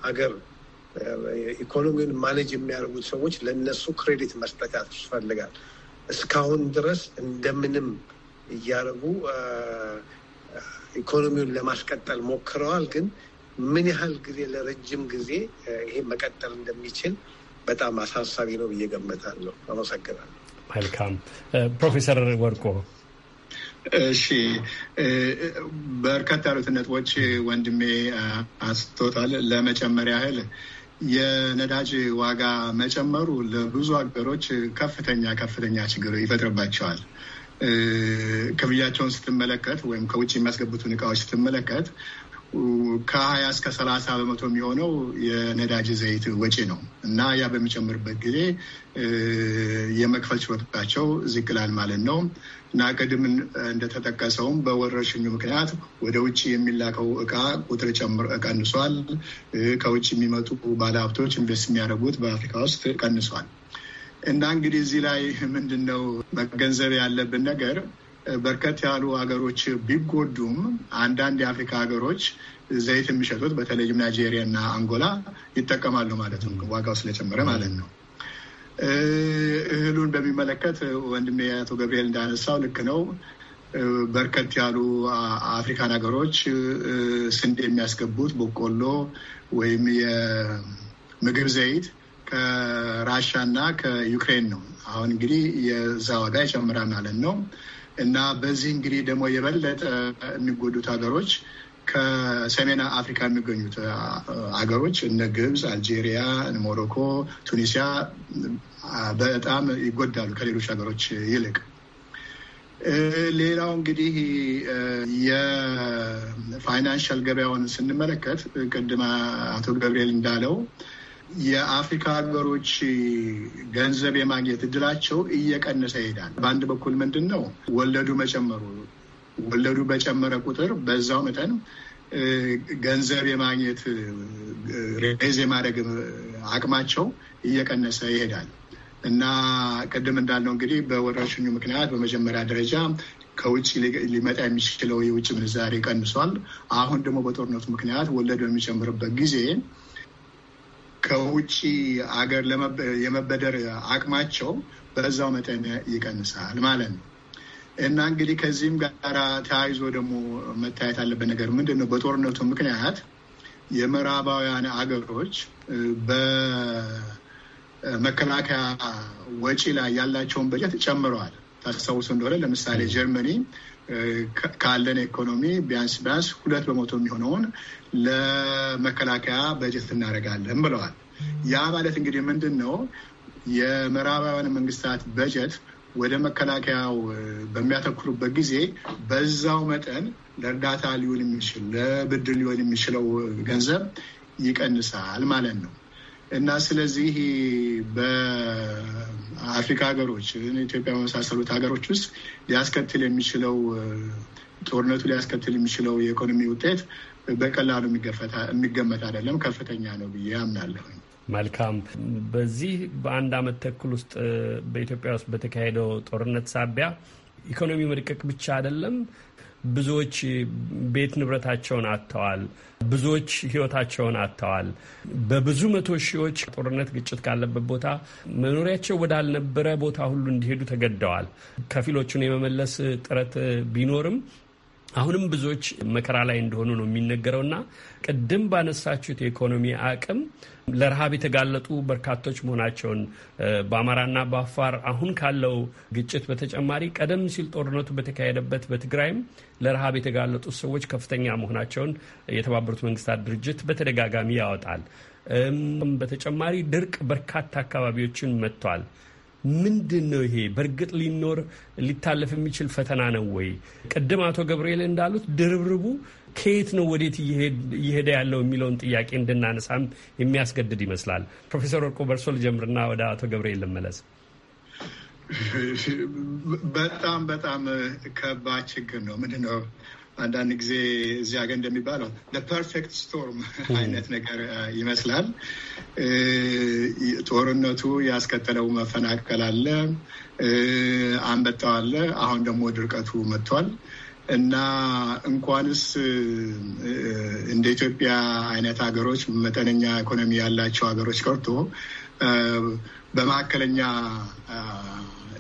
ሀገር ኢኮኖሚውን ማኔጅ የሚያደርጉት ሰዎች ለነሱ ክሬዲት መስጠት ያስፈልጋል። እስካሁን ድረስ እንደምንም እያደረጉ ኢኮኖሚውን ለማስቀጠል ሞክረዋል። ግን ምን ያህል ጊዜ ለረጅም ጊዜ ይሄ መቀጠል እንደሚችል በጣም አሳሳቢ ነው ብዬ ገምታለሁ። አመሰግናለሁ። መልካም ፕሮፌሰር ወርቆ እሺ በርከት ያሉት ነጥቦች ወንድሜ አስቶታል። ለመጨመር ያህል የነዳጅ ዋጋ መጨመሩ ለብዙ ሀገሮች ከፍተኛ ከፍተኛ ችግር ይፈጥርባቸዋል። ክፍያቸውን ስትመለከት ወይም ከውጭ የሚያስገቡትን እቃዎች ስትመለከት ከሀያ እስከ ሰላሳ በመቶ የሚሆነው የነዳጅ ዘይት ወጪ ነው እና ያ በሚጨምርበት ጊዜ የመክፈል ችሎታቸው ዝቅ ይላል ማለት ነው እና ቅድም እንደተጠቀሰውም በወረርሽኙ ምክንያት ወደ ውጭ የሚላከው እቃ ቁጥር ቀንሷል። ከውጭ የሚመጡ ባለሀብቶች ኢንቨስት የሚያደርጉት በአፍሪካ ውስጥ ቀንሷል እና እንግዲህ እዚህ ላይ ምንድን ነው መገንዘብ ያለብን ነገር በርከት ያሉ ሀገሮች ቢጎዱም አንዳንድ የአፍሪካ ሀገሮች ዘይት የሚሸጡት በተለይም ናይጄሪያ እና አንጎላ ይጠቀማሉ ማለት ነው፣ ዋጋው ስለጨመረ ማለት ነው። እህሉን በሚመለከት ወንድሜ አቶ ገብርኤል እንዳነሳው ልክ ነው። በርከት ያሉ አፍሪካን ሀገሮች ስንዴ የሚያስገቡት በቆሎ ወይም የምግብ ዘይት ከራሻ እና ከዩክሬን ነው። አሁን እንግዲህ የዛ ዋጋ ይጨምራል ማለት ነው። እና በዚህ እንግዲህ ደግሞ የበለጠ የሚጎዱት ሀገሮች ከሰሜን አፍሪካ የሚገኙት ሀገሮች እነ ግብፅ፣ አልጄሪያ፣ ሞሮኮ፣ ቱኒሲያ በጣም ይጎዳሉ ከሌሎች ሀገሮች ይልቅ። ሌላው እንግዲህ የፋይናንሻል ገበያውን ስንመለከት ቅድም አቶ ገብርኤል እንዳለው የአፍሪካ ሀገሮች ገንዘብ የማግኘት እድላቸው እየቀነሰ ይሄዳል። በአንድ በኩል ምንድን ነው ወለዱ መጨመሩ፣ ወለዱ በጨመረ ቁጥር በዛው መጠን ገንዘብ የማግኘት ሬዝ የማድረግ አቅማቸው እየቀነሰ ይሄዳል እና ቅድም እንዳልነው እንግዲህ በወረርሽኙ ምክንያት በመጀመሪያ ደረጃ ከውጭ ሊመጣ የሚችለው የውጭ ምንዛሬ ቀንሷል። አሁን ደግሞ በጦርነቱ ምክንያት ወለዱ የሚጨምርበት ጊዜ ከውጭ አገር የመበደር አቅማቸው በዛው መጠን ይቀንሳል ማለት ነው። እና እንግዲህ ከዚህም ጋር ተያይዞ ደግሞ መታየት አለበት ነገር ምንድን ነው? በጦርነቱ ምክንያት የምዕራባውያን አገሮች በመከላከያ ወጪ ላይ ያላቸውን በጀት ጨምረዋል። ታስታውሱ እንደሆነ ለምሳሌ ጀርመኒ ካለን ኢኮኖሚ ቢያንስ ቢያንስ ሁለት በመቶ የሚሆነውን ለመከላከያ በጀት እናደርጋለን ብለዋል። ያ ማለት እንግዲህ ምንድን ነው የምዕራባውያን መንግስታት በጀት ወደ መከላከያው በሚያተኩሩበት ጊዜ በዛው መጠን ለእርዳታ ሊሆን የሚችል ለብድር ሊሆን የሚችለው ገንዘብ ይቀንሳል ማለት ነው። እና ስለዚህ በአፍሪካ ሀገሮች ኢትዮጵያ በመሳሰሉት ሀገሮች ውስጥ ሊያስከትል የሚችለው ጦርነቱ ሊያስከትል የሚችለው የኢኮኖሚ ውጤት በቀላሉ የሚገመት አይደለም፣ ከፍተኛ ነው ብዬ አምናለሁ። መልካም። በዚህ በአንድ አመት ተኩል ውስጥ በኢትዮጵያ ውስጥ በተካሄደው ጦርነት ሳቢያ ኢኮኖሚ መድቀቅ ብቻ አይደለም ብዙዎች ቤት ንብረታቸውን አጥተዋል። ብዙዎች ህይወታቸውን አጥተዋል። በብዙ መቶ ሺዎች ጦርነት፣ ግጭት ካለበት ቦታ መኖሪያቸው ወዳልነበረ ቦታ ሁሉ እንዲሄዱ ተገደዋል። ከፊሎቹን የመመለስ ጥረት ቢኖርም አሁንም ብዙዎች መከራ ላይ እንደሆኑ ነው የሚነገረውና ቅድም ባነሳችሁት የኢኮኖሚ አቅም ለረሃብ የተጋለጡ በርካቶች መሆናቸውን በአማራና በአፋር አሁን ካለው ግጭት በተጨማሪ ቀደም ሲል ጦርነቱ በተካሄደበት በትግራይም ለረሃብ የተጋለጡ ሰዎች ከፍተኛ መሆናቸውን የተባበሩት መንግስታት ድርጅት በተደጋጋሚ ያወጣል። በተጨማሪ ድርቅ በርካታ አካባቢዎችን መጥቷል። ምንድን ነው ይሄ? በእርግጥ ሊኖር ሊታለፍ የሚችል ፈተና ነው ወይ? ቅድም አቶ ገብርኤል እንዳሉት ድርብርቡ ከየት ነው ወዴት እየሄደ ያለው የሚለውን ጥያቄ እንድናነሳም የሚያስገድድ ይመስላል። ፕሮፌሰር ወርቆ በርሶ ልጀምርና ወደ አቶ ገብርኤል ልመለስ። በጣም በጣም ከባድ ችግር ነው። ምንድን ነው አንዳንድ ጊዜ እዚህ ሀገር እንደሚባለው ፐርፌክት ስቶርም አይነት ነገር ይመስላል። ጦርነቱ ያስከተለው መፈናቀል አለ፣ አንበጣው አለ፣ አሁን ደግሞ ድርቀቱ መጥቷል እና እንኳንስ እንደ ኢትዮጵያ አይነት ሀገሮች መጠነኛ ኢኮኖሚ ያላቸው ሀገሮች ቀርቶ በመካከለኛ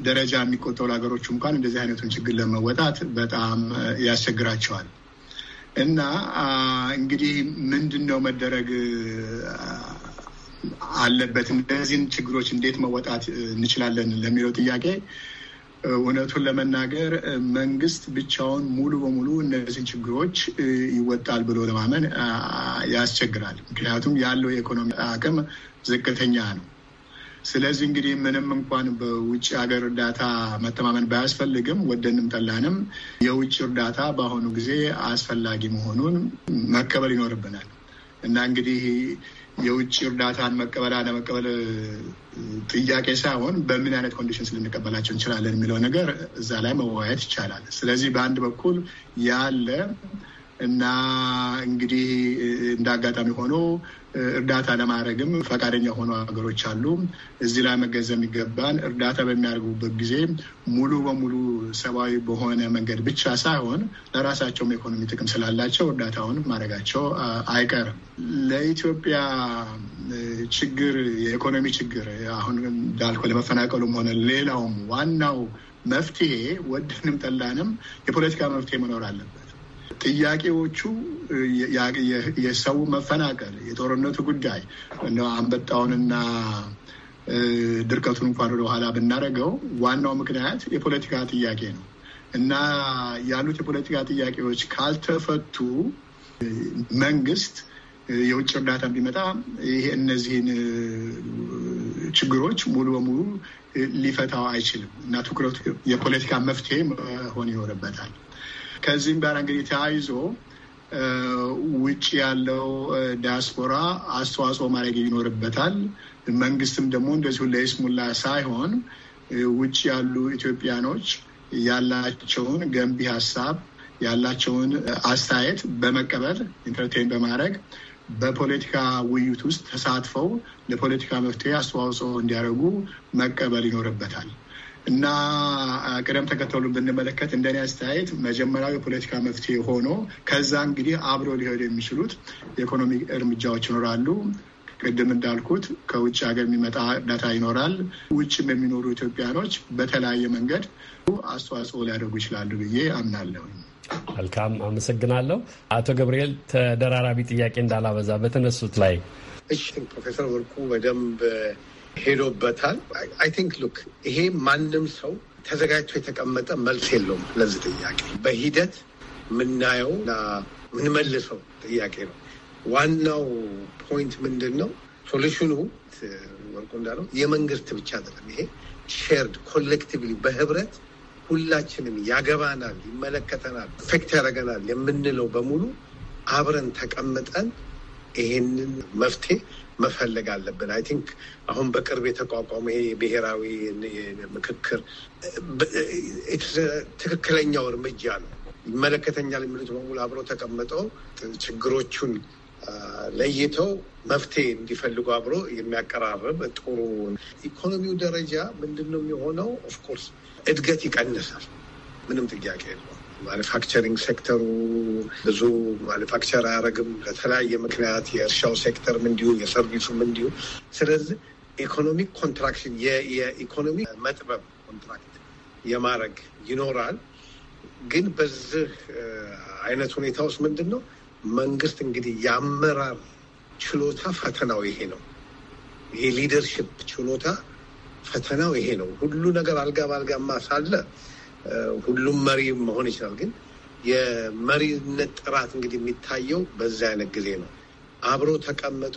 ደረጃ የሚቆጠሩ ሀገሮች እንኳን እንደዚህ አይነቱን ችግር ለመወጣት በጣም ያስቸግራቸዋል። እና እንግዲህ ምንድን ነው መደረግ አለበት? እነዚህን ችግሮች እንዴት መወጣት እንችላለን ለሚለው ጥያቄ እውነቱን ለመናገር መንግስት ብቻውን ሙሉ በሙሉ እነዚህን ችግሮች ይወጣል ብሎ ለማመን ያስቸግራል። ምክንያቱም ያለው የኢኮኖሚ አቅም ዝቅተኛ ነው። ስለዚህ እንግዲህ ምንም እንኳን በውጭ ሀገር እርዳታ መተማመን ባያስፈልግም ወደንም ጠላንም የውጭ እርዳታ በአሁኑ ጊዜ አስፈላጊ መሆኑን መቀበል ይኖርብናል እና እንግዲህ የውጭ እርዳታን መቀበል አለመቀበል ጥያቄ ሳይሆን በምን አይነት ኮንዲሽንስ ልንቀበላቸው እንችላለን የሚለው ነገር እዛ ላይ መወያየት ይቻላል። ስለዚህ በአንድ በኩል ያለ እና እንግዲህ እንደ አጋጣሚ ሆኖ እርዳታ ለማድረግም ፈቃደኛ ሆነ ሀገሮች አሉ። እዚህ ላይ መገንዘብ የሚገባን እርዳታ በሚያደርጉበት ጊዜ ሙሉ በሙሉ ሰብአዊ በሆነ መንገድ ብቻ ሳይሆን ለራሳቸውም የኢኮኖሚ ጥቅም ስላላቸው እርዳታውን ማድረጋቸው አይቀርም። ለኢትዮጵያ ችግር የኢኮኖሚ ችግር አሁን እንዳልኩ ለመፈናቀሉም ሆነ ሌላውም ዋናው መፍትሄ ወደንም ጠላንም የፖለቲካ መፍትሄ መኖር አለበት። ጥያቄዎቹ የሰው መፈናቀል፣ የጦርነቱ ጉዳይ አንበጣውንና ድርቀቱን እንኳን ወደኋላ ብናደርገው ዋናው ምክንያት የፖለቲካ ጥያቄ ነው እና ያሉት የፖለቲካ ጥያቄዎች ካልተፈቱ መንግስት የውጭ እርዳታ ቢመጣ ይሄ እነዚህን ችግሮች ሙሉ በሙሉ ሊፈታው አይችልም እና ትኩረቱ የፖለቲካ መፍትሄ መሆን ይኖርበታል። ከዚህም ጋር እንግዲህ ተያይዞ ውጭ ያለው ዲያስፖራ አስተዋጽኦ ማድረግ ይኖርበታል። መንግስትም ደግሞ እንደዚሁ ለይስሙላ ሳይሆን ውጭ ያሉ ኢትዮጵያኖች ያላቸውን ገንቢ ሀሳብ ያላቸውን አስተያየት በመቀበል ኢንተርቴን በማድረግ በፖለቲካ ውይይት ውስጥ ተሳትፈው ለፖለቲካ መፍትሄ አስተዋጽኦ እንዲያደርጉ መቀበል ይኖርበታል። እና ቅደም ተከተሉ ብንመለከት እንደኔ አስተያየት መጀመሪያው የፖለቲካ መፍትሄ ሆኖ ከዛ እንግዲህ አብሮ ሊሄዱ የሚችሉት የኢኮኖሚ እርምጃዎች ይኖራሉ። ቅድም እንዳልኩት ከውጭ ሀገር የሚመጣ እርዳታ ይኖራል። ውጭም የሚኖሩ ኢትዮጵያኖች በተለያየ መንገድ አስተዋጽኦ ሊያደርጉ ይችላሉ ብዬ አምናለሁ። መልካም አመሰግናለሁ። አቶ ገብርኤል ተደራራቢ ጥያቄ እንዳላበዛ በተነሱት ላይ እሺ ፕሮፌሰር ወርቁ በደንብ ሄዶበታል። አይ ቲንክ ሉክ ይሄ ማንም ሰው ተዘጋጅቶ የተቀመጠ መልስ የለውም ለዚህ ጥያቄ። በሂደት የምናየው እና የምንመልሰው ጥያቄ ነው። ዋናው ፖይንት ምንድን ነው? ሶሉሽኑ ወርቁ እንዳለው የመንግስት ብቻ አይደለም። ይሄ ሼርድ ኮሌክቲቭሊ በህብረት ሁላችንም ያገባናል፣ ይመለከተናል፣ ፌክት ያደርገናል የምንለው በሙሉ አብረን ተቀምጠን ይሄንን መፍትሄ መፈለግ አለብን። አይ ቲንክ አሁን በቅርብ የተቋቋመ ይሄ ብሔራዊ ምክክር ትክክለኛው እርምጃ ነው። ይመለከተኛል የሚሉት በሙሉ አብረው ተቀምጠው ችግሮቹን ለይተው መፍትሄ እንዲፈልጉ አብሮ የሚያቀራርብ ጥሩ። ኢኮኖሚው ደረጃ ምንድን ነው የሚሆነው? ኦፍኮርስ እድገት ይቀንሳል፣ ምንም ጥያቄ የለው። ማኒፋክቸሪንግ ሴክተሩ ብዙ ማኒፋክቸር አያደርግም ለተለያየ ምክንያት፣ የእርሻው ሴክተርም እንዲሁ፣ የሰርቪሱም እንዲሁ። ስለዚህ ኢኮኖሚክ ኮንትራክሽን የኢኮኖሚ መጥበብ ኮንትራክት የማድረግ ይኖራል። ግን በዚህ አይነት ሁኔታ ውስጥ ምንድን ነው መንግስት እንግዲህ የአመራር ችሎታ ፈተናው ይሄ ነው። ይሄ ሊደርሽፕ ችሎታ ፈተናው ይሄ ነው። ሁሉ ነገር አልጋ ባልጋማ ሳለ ሁሉም መሪ መሆን ይችላል። ግን የመሪነት ጥራት እንግዲህ የሚታየው በዚህ አይነት ጊዜ ነው። አብሮ ተቀምጦ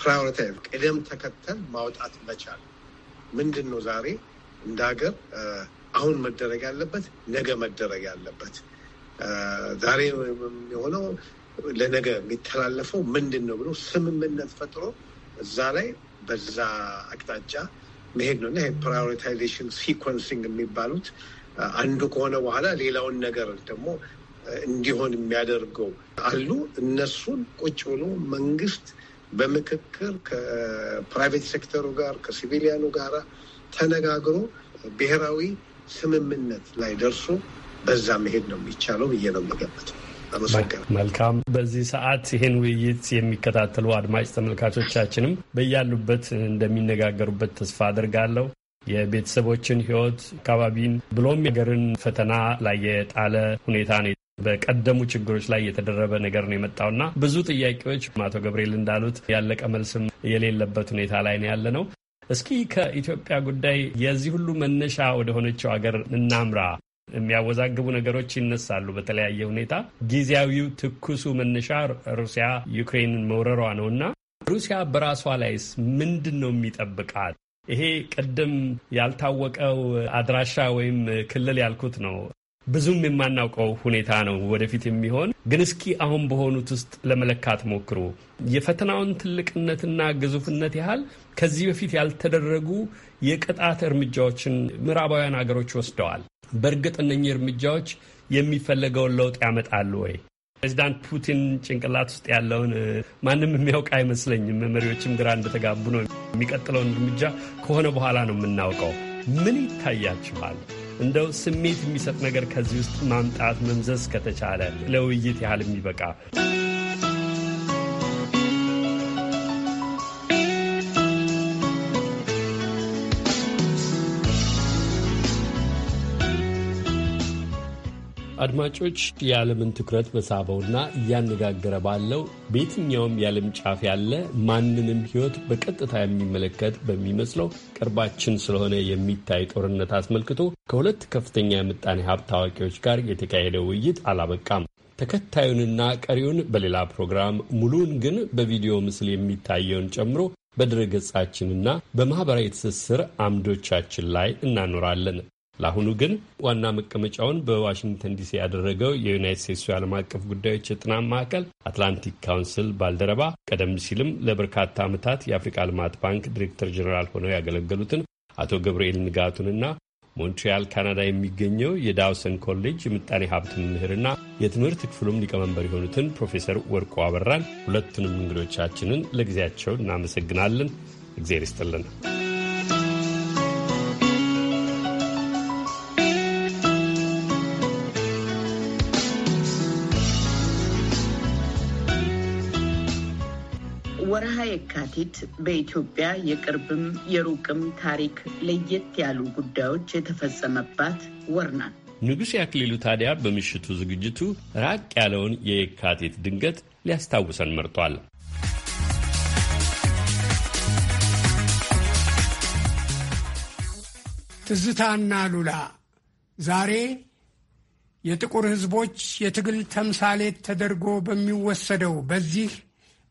ፕራዮሪታይዝ ቅደም ተከተል ማውጣት መቻል ምንድን ነው ዛሬ እንደ ሀገር አሁን መደረግ ያለበት ነገ መደረግ ያለበት ዛሬ የሆነው ለነገ የሚተላለፈው ምንድን ነው ብሎ ስምምነት ፈጥሮ እዛ ላይ በዛ አቅጣጫ መሄድ ነው እና ፕራዮሪታይዜሽን ሲኮንሲንግ የሚባሉት አንዱ ከሆነ በኋላ ሌላውን ነገር ደግሞ እንዲሆን የሚያደርገው አሉ። እነሱን ቁጭ ብሎ መንግስት በምክክር ከፕራይቬት ሴክተሩ ጋር ከሲቪሊያኑ ጋር ተነጋግሮ ብሔራዊ ስምምነት ላይ ደርሶ በዛ መሄድ ነው የሚቻለው ብዬ ነው የምገምተው። አመሰግናለሁ። መልካም። በዚህ ሰዓት ይህን ውይይት የሚከታተሉ አድማጭ ተመልካቾቻችንም በያሉበት እንደሚነጋገሩበት ተስፋ አድርጋለሁ። የቤተሰቦችን ህይወት አካባቢን፣ ብሎም የገርን ፈተና ላይ የጣለ ሁኔታ ነው። በቀደሙ ችግሮች ላይ የተደረበ ነገር ነው የመጣውና ብዙ ጥያቄዎች አቶ ገብርኤል እንዳሉት ያለቀ መልስም የሌለበት ሁኔታ ላይ ነው ያለ ነው። እስኪ ከኢትዮጵያ ጉዳይ የዚህ ሁሉ መነሻ ወደ ሆነችው አገር እናምራ። የሚያወዛግቡ ነገሮች ይነሳሉ። በተለያየ ሁኔታ ጊዜያዊው ትኩሱ መነሻ ሩሲያ ዩክሬንን መውረሯ ነው እና ሩሲያ በራሷ ላይስ ምንድን ነው የሚጠብቃት? ይሄ ቅድም ያልታወቀው አድራሻ ወይም ክልል ያልኩት ነው። ብዙም የማናውቀው ሁኔታ ነው ወደፊት የሚሆን ግን፣ እስኪ አሁን በሆኑት ውስጥ ለመለካት ሞክሩ። የፈተናውን ትልቅነትና ግዙፍነት ያህል ከዚህ በፊት ያልተደረጉ የቅጣት እርምጃዎችን ምዕራባውያን ሀገሮች ወስደዋል። በእርግጥ እነኚህ እርምጃዎች የሚፈለገውን ለውጥ ያመጣሉ ወይ? ፕሬዚዳንት ፑቲን ጭንቅላት ውስጥ ያለውን ማንም የሚያውቅ አይመስለኝም። መሪዎችም ግራ እንደተጋቡ ነው። የሚቀጥለውን እርምጃ ከሆነ በኋላ ነው የምናውቀው። ምን ይታያችኋል? እንደው ስሜት የሚሰጥ ነገር ከዚህ ውስጥ ማምጣት መምዘዝ ከተቻለ ለውይይት ያህል የሚበቃ አድማጮች የዓለምን ትኩረት በሳበውና እያነጋገረ ባለው በየትኛውም የዓለም ጫፍ ያለ ማንንም ሕይወት በቀጥታ የሚመለከት በሚመስለው ቅርባችን ስለሆነ የሚታይ ጦርነት አስመልክቶ ከሁለት ከፍተኛ የምጣኔ ሀብት አዋቂዎች ጋር የተካሄደ ውይይት አላበቃም። ተከታዩንና ቀሪውን በሌላ ፕሮግራም ሙሉውን ግን በቪዲዮ ምስል የሚታየውን ጨምሮ በድረ በማኅበራዊ ትስስር አምዶቻችን ላይ እናኖራለን። ለአሁኑ ግን ዋና መቀመጫውን በዋሽንግተን ዲሲ ያደረገው የዩናይት ስቴትሱ የዓለም አቀፍ ጉዳዮች የጥናት ማዕከል አትላንቲክ ካውንስል ባልደረባ ቀደም ሲልም ለበርካታ ዓመታት የአፍሪካ ልማት ባንክ ዲሬክተር ጀኔራል ሆነው ያገለገሉትን አቶ ገብርኤል ንጋቱንና ሞንትሪያል ካናዳ የሚገኘው የዳውሰን ኮሌጅ የምጣኔ ሀብት መምህርና የትምህርት ክፍሉም ሊቀመንበር የሆኑትን ፕሮፌሰር ወርቆ አበራን ሁለቱንም እንግዶቻችንን ለጊዜያቸው እናመሰግናለን። እግዜር ይስጥልን። የካቲት በኢትዮጵያ የቅርብም የሩቅም ታሪክ ለየት ያሉ ጉዳዮች የተፈጸመባት ወር ናት። ንጉሥ ያክሊሉ ታዲያ በምሽቱ ዝግጅቱ ራቅ ያለውን የየካቲት ድንገት ሊያስታውሰን መርጧል። ትዝታና ሉላ ዛሬ የጥቁር ሕዝቦች የትግል ተምሳሌት ተደርጎ በሚወሰደው በዚህ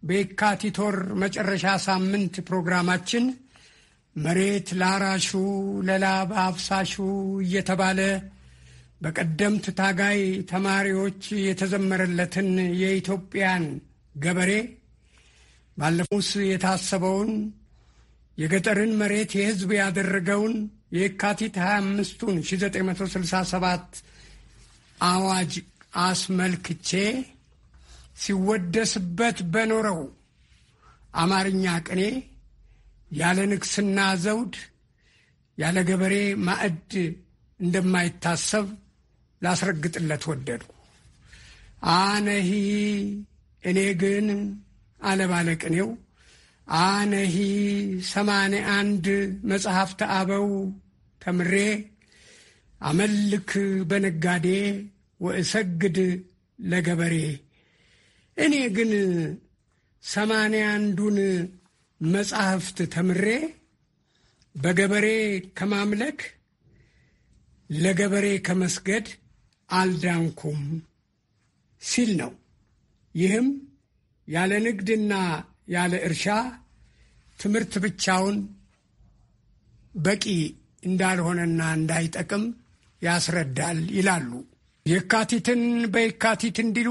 በየካቲት ወር መጨረሻ ሳምንት ፕሮግራማችን መሬት ላራሹ ለላብ አፍሳሹ እየተባለ በቀደምት ታጋይ ተማሪዎች የተዘመረለትን የኢትዮጵያን ገበሬ ባለፉስ የታሰበውን የገጠርን መሬት የሕዝብ ያደረገውን የካቲት 25ቱን 1967 አዋጅ አስመልክቼ ሲወደስበት በኖረው አማርኛ ቅኔ ያለ ንግስና ዘውድ ያለ ገበሬ ማዕድ እንደማይታሰብ ላስረግጥለት ወደድኩ። አነሂ እኔ ግን አለባለ ቅኔው አነሂ ሰማንያ አንድ መጽሐፍተ አበው ተምሬ አመልክ በነጋዴ ወእሰግድ ለገበሬ እኔ ግን ሰማንያ አንዱን መጻሕፍት ተምሬ በገበሬ ከማምለክ ለገበሬ ከመስገድ አልዳንኩም ሲል ነው። ይህም ያለ ንግድና ያለ እርሻ ትምህርት ብቻውን በቂ እንዳልሆነና እንዳይጠቅም ያስረዳል ይላሉ። የካቲትን በየካቲት እንዲሉ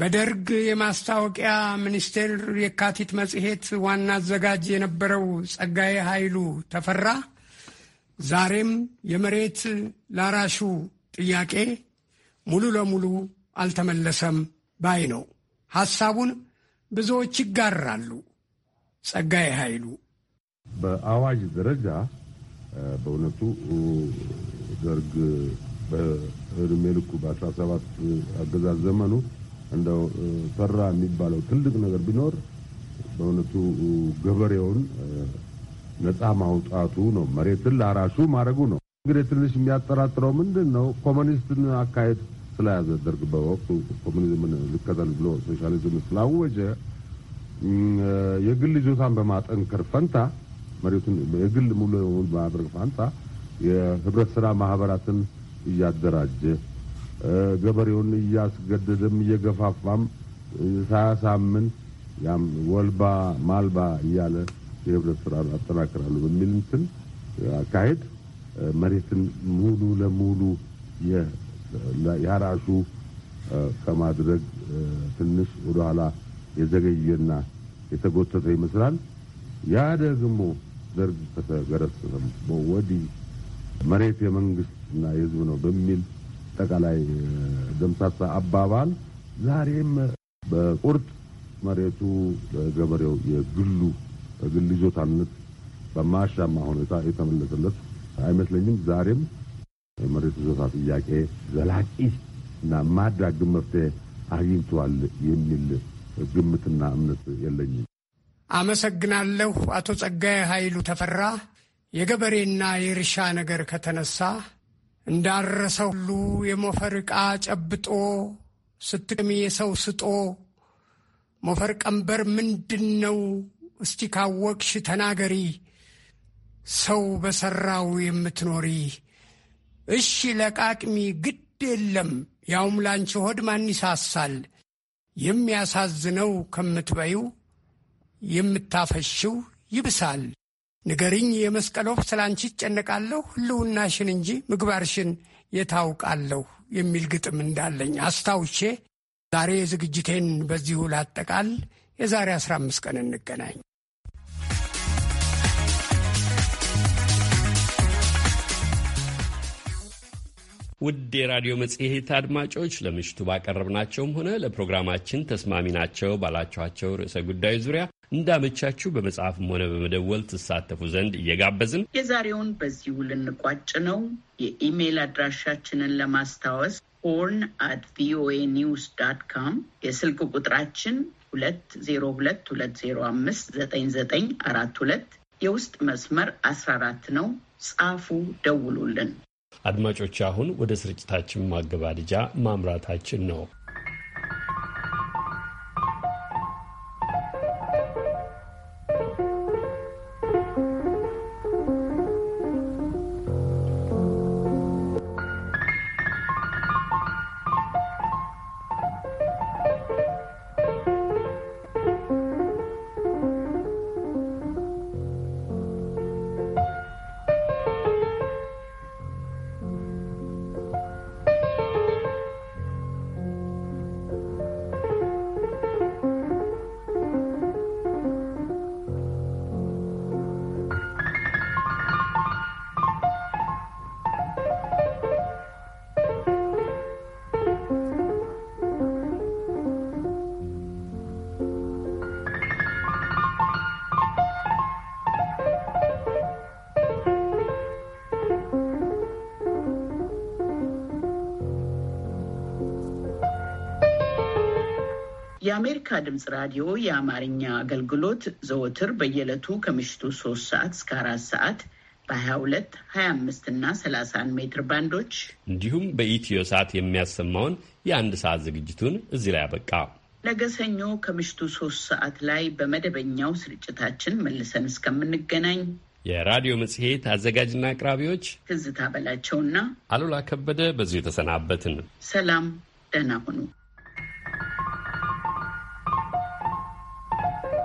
በደርግ የማስታወቂያ ሚኒስቴር የካቲት መጽሔት ዋና አዘጋጅ የነበረው ጸጋዬ ኃይሉ ተፈራ ዛሬም የመሬት ላራሹ ጥያቄ ሙሉ ለሙሉ አልተመለሰም ባይ ነው። ሐሳቡን ብዙዎች ይጋራሉ። ጸጋዬ ኃይሉ በአዋጅ ደረጃ በእውነቱ ደርግ በዕድሜ ልኩ በ17 አገዛዝ ዘመኑ እንደው ፈራ የሚባለው ትልቅ ነገር ቢኖር በእውነቱ ገበሬውን ነፃ ማውጣቱ ነው፣ መሬትን ለአራሹ ማድረጉ ነው። እንግዲህ ትንሽ የሚያጠራጥረው ምንድን ነው ኮሚኒስትን አካሄድ ስለያዘ ደርግ በወቅቱ ኮሚኒዝምን ልከተል ብሎ ሶሻሊዝም ስላወጀ የግል ይዞታን በማጠንከር ፈንታ መሬቱን የግል ሙሉ በማድረግ ፈንታ የህብረት ስራ ማህበራትን እያደራጀ ገበሬውን እያስገደደም እየገፋፋም ሳያሳምን ያም ወልባ ማልባ እያለ የህብረት ስራ አጠናክራሉ በሚል እንትን አካሄድ መሬትን ሙሉ ለሙሉ የአራሹ ከማድረግ ትንሽ ወደኋላ የዘገየና የተጎተተ ይመስላል። ያ ደግሞ ደርግ ከተገረሰሰ ወዲህ መሬት የመንግስትና የህዝብ ነው በሚል አጠቃላይ ደምሳሳ አባባል ዛሬም በቁርጥ መሬቱ ገበሬው የግሉ በግል ይዞታነት በማያሻማ ሁኔታ የተመለሰለት አይመስለኝም። ዛሬም የመሬት ይዞታ ጥያቄ ዘላቂ እና ማዳግም መፍትሄ አግኝቷል የሚል ግምትና እምነት የለኝም። አመሰግናለሁ። አቶ ጸጋዬ ኃይሉ ተፈራ የገበሬና የእርሻ ነገር ከተነሳ እንዳረሰው ሁሉ የሞፈር ዕቃ ጨብጦ ስትቅሚ የሰው ስጦ ሞፈር ቀንበር ምንድን ነው እስቲ ካወቅሽ ተናገሪ ሰው በሠራው የምትኖሪ እሺ ለቃቅሚ ግድ የለም ያውም ላንቺ ሆድ ማን ይሳሳል የሚያሳዝነው ከምትበዩ የምታፈሽው ይብሳል ንገሪኝ የመስቀል ወፍ ስላንቺ ይጨነቃለሁ ሕልውናሽን እንጂ ምግባርሽን የታውቃለሁ የሚል ግጥም እንዳለኝ አስታውቼ ዛሬ ዝግጅቴን በዚሁ ላጠቃል። የዛሬ 15 ቀን እንገናኝ። ውድ የራዲዮ መጽሔት አድማጮች ለምሽቱ ባቀረብናቸውም ሆነ ለፕሮግራማችን ተስማሚ ናቸው ባላችኋቸው ርዕሰ ጉዳዮች ዙሪያ እንዳመቻችሁ በመጽሐፍም ሆነ በመደወል ትሳተፉ ዘንድ እየጋበዝን የዛሬውን በዚሁ ልንቋጭ ነው። የኢሜይል አድራሻችንን ለማስታወስ ሆርን አት ቪኦኤ ኒውስ ዳት ካም፣ የስልክ ቁጥራችን ሁለት ዜሮ ሁለት ሁለት ዜሮ አምስት ዘጠኝ ዘጠኝ አራት ሁለት የውስጥ መስመር አስራ አራት ነው። ጻፉ፣ ደውሉልን። አድማጮች አሁን ወደ ስርጭታችን ማገባደጃ ማምራታችን ነው። የአሜሪካ ድምፅ ራዲዮ የአማርኛ አገልግሎት ዘወትር በየዕለቱ ከምሽቱ ሶስት ሰዓት እስከ አራት ሰዓት በ22፣ 25 እና 31 ሜትር ባንዶች እንዲሁም በኢትዮ ሰዓት የሚያሰማውን የአንድ ሰዓት ዝግጅቱን እዚህ ላይ አበቃ። ነገ ሰኞ ከምሽቱ ሶስት ሰዓት ላይ በመደበኛው ስርጭታችን መልሰን እስከምንገናኝ የራዲዮ መጽሔት አዘጋጅና አቅራቢዎች ትዝታ በላቸውና አሉላ ከበደ በዚሁ የተሰናበትን። ሰላም፣ ደህና ሁኑ።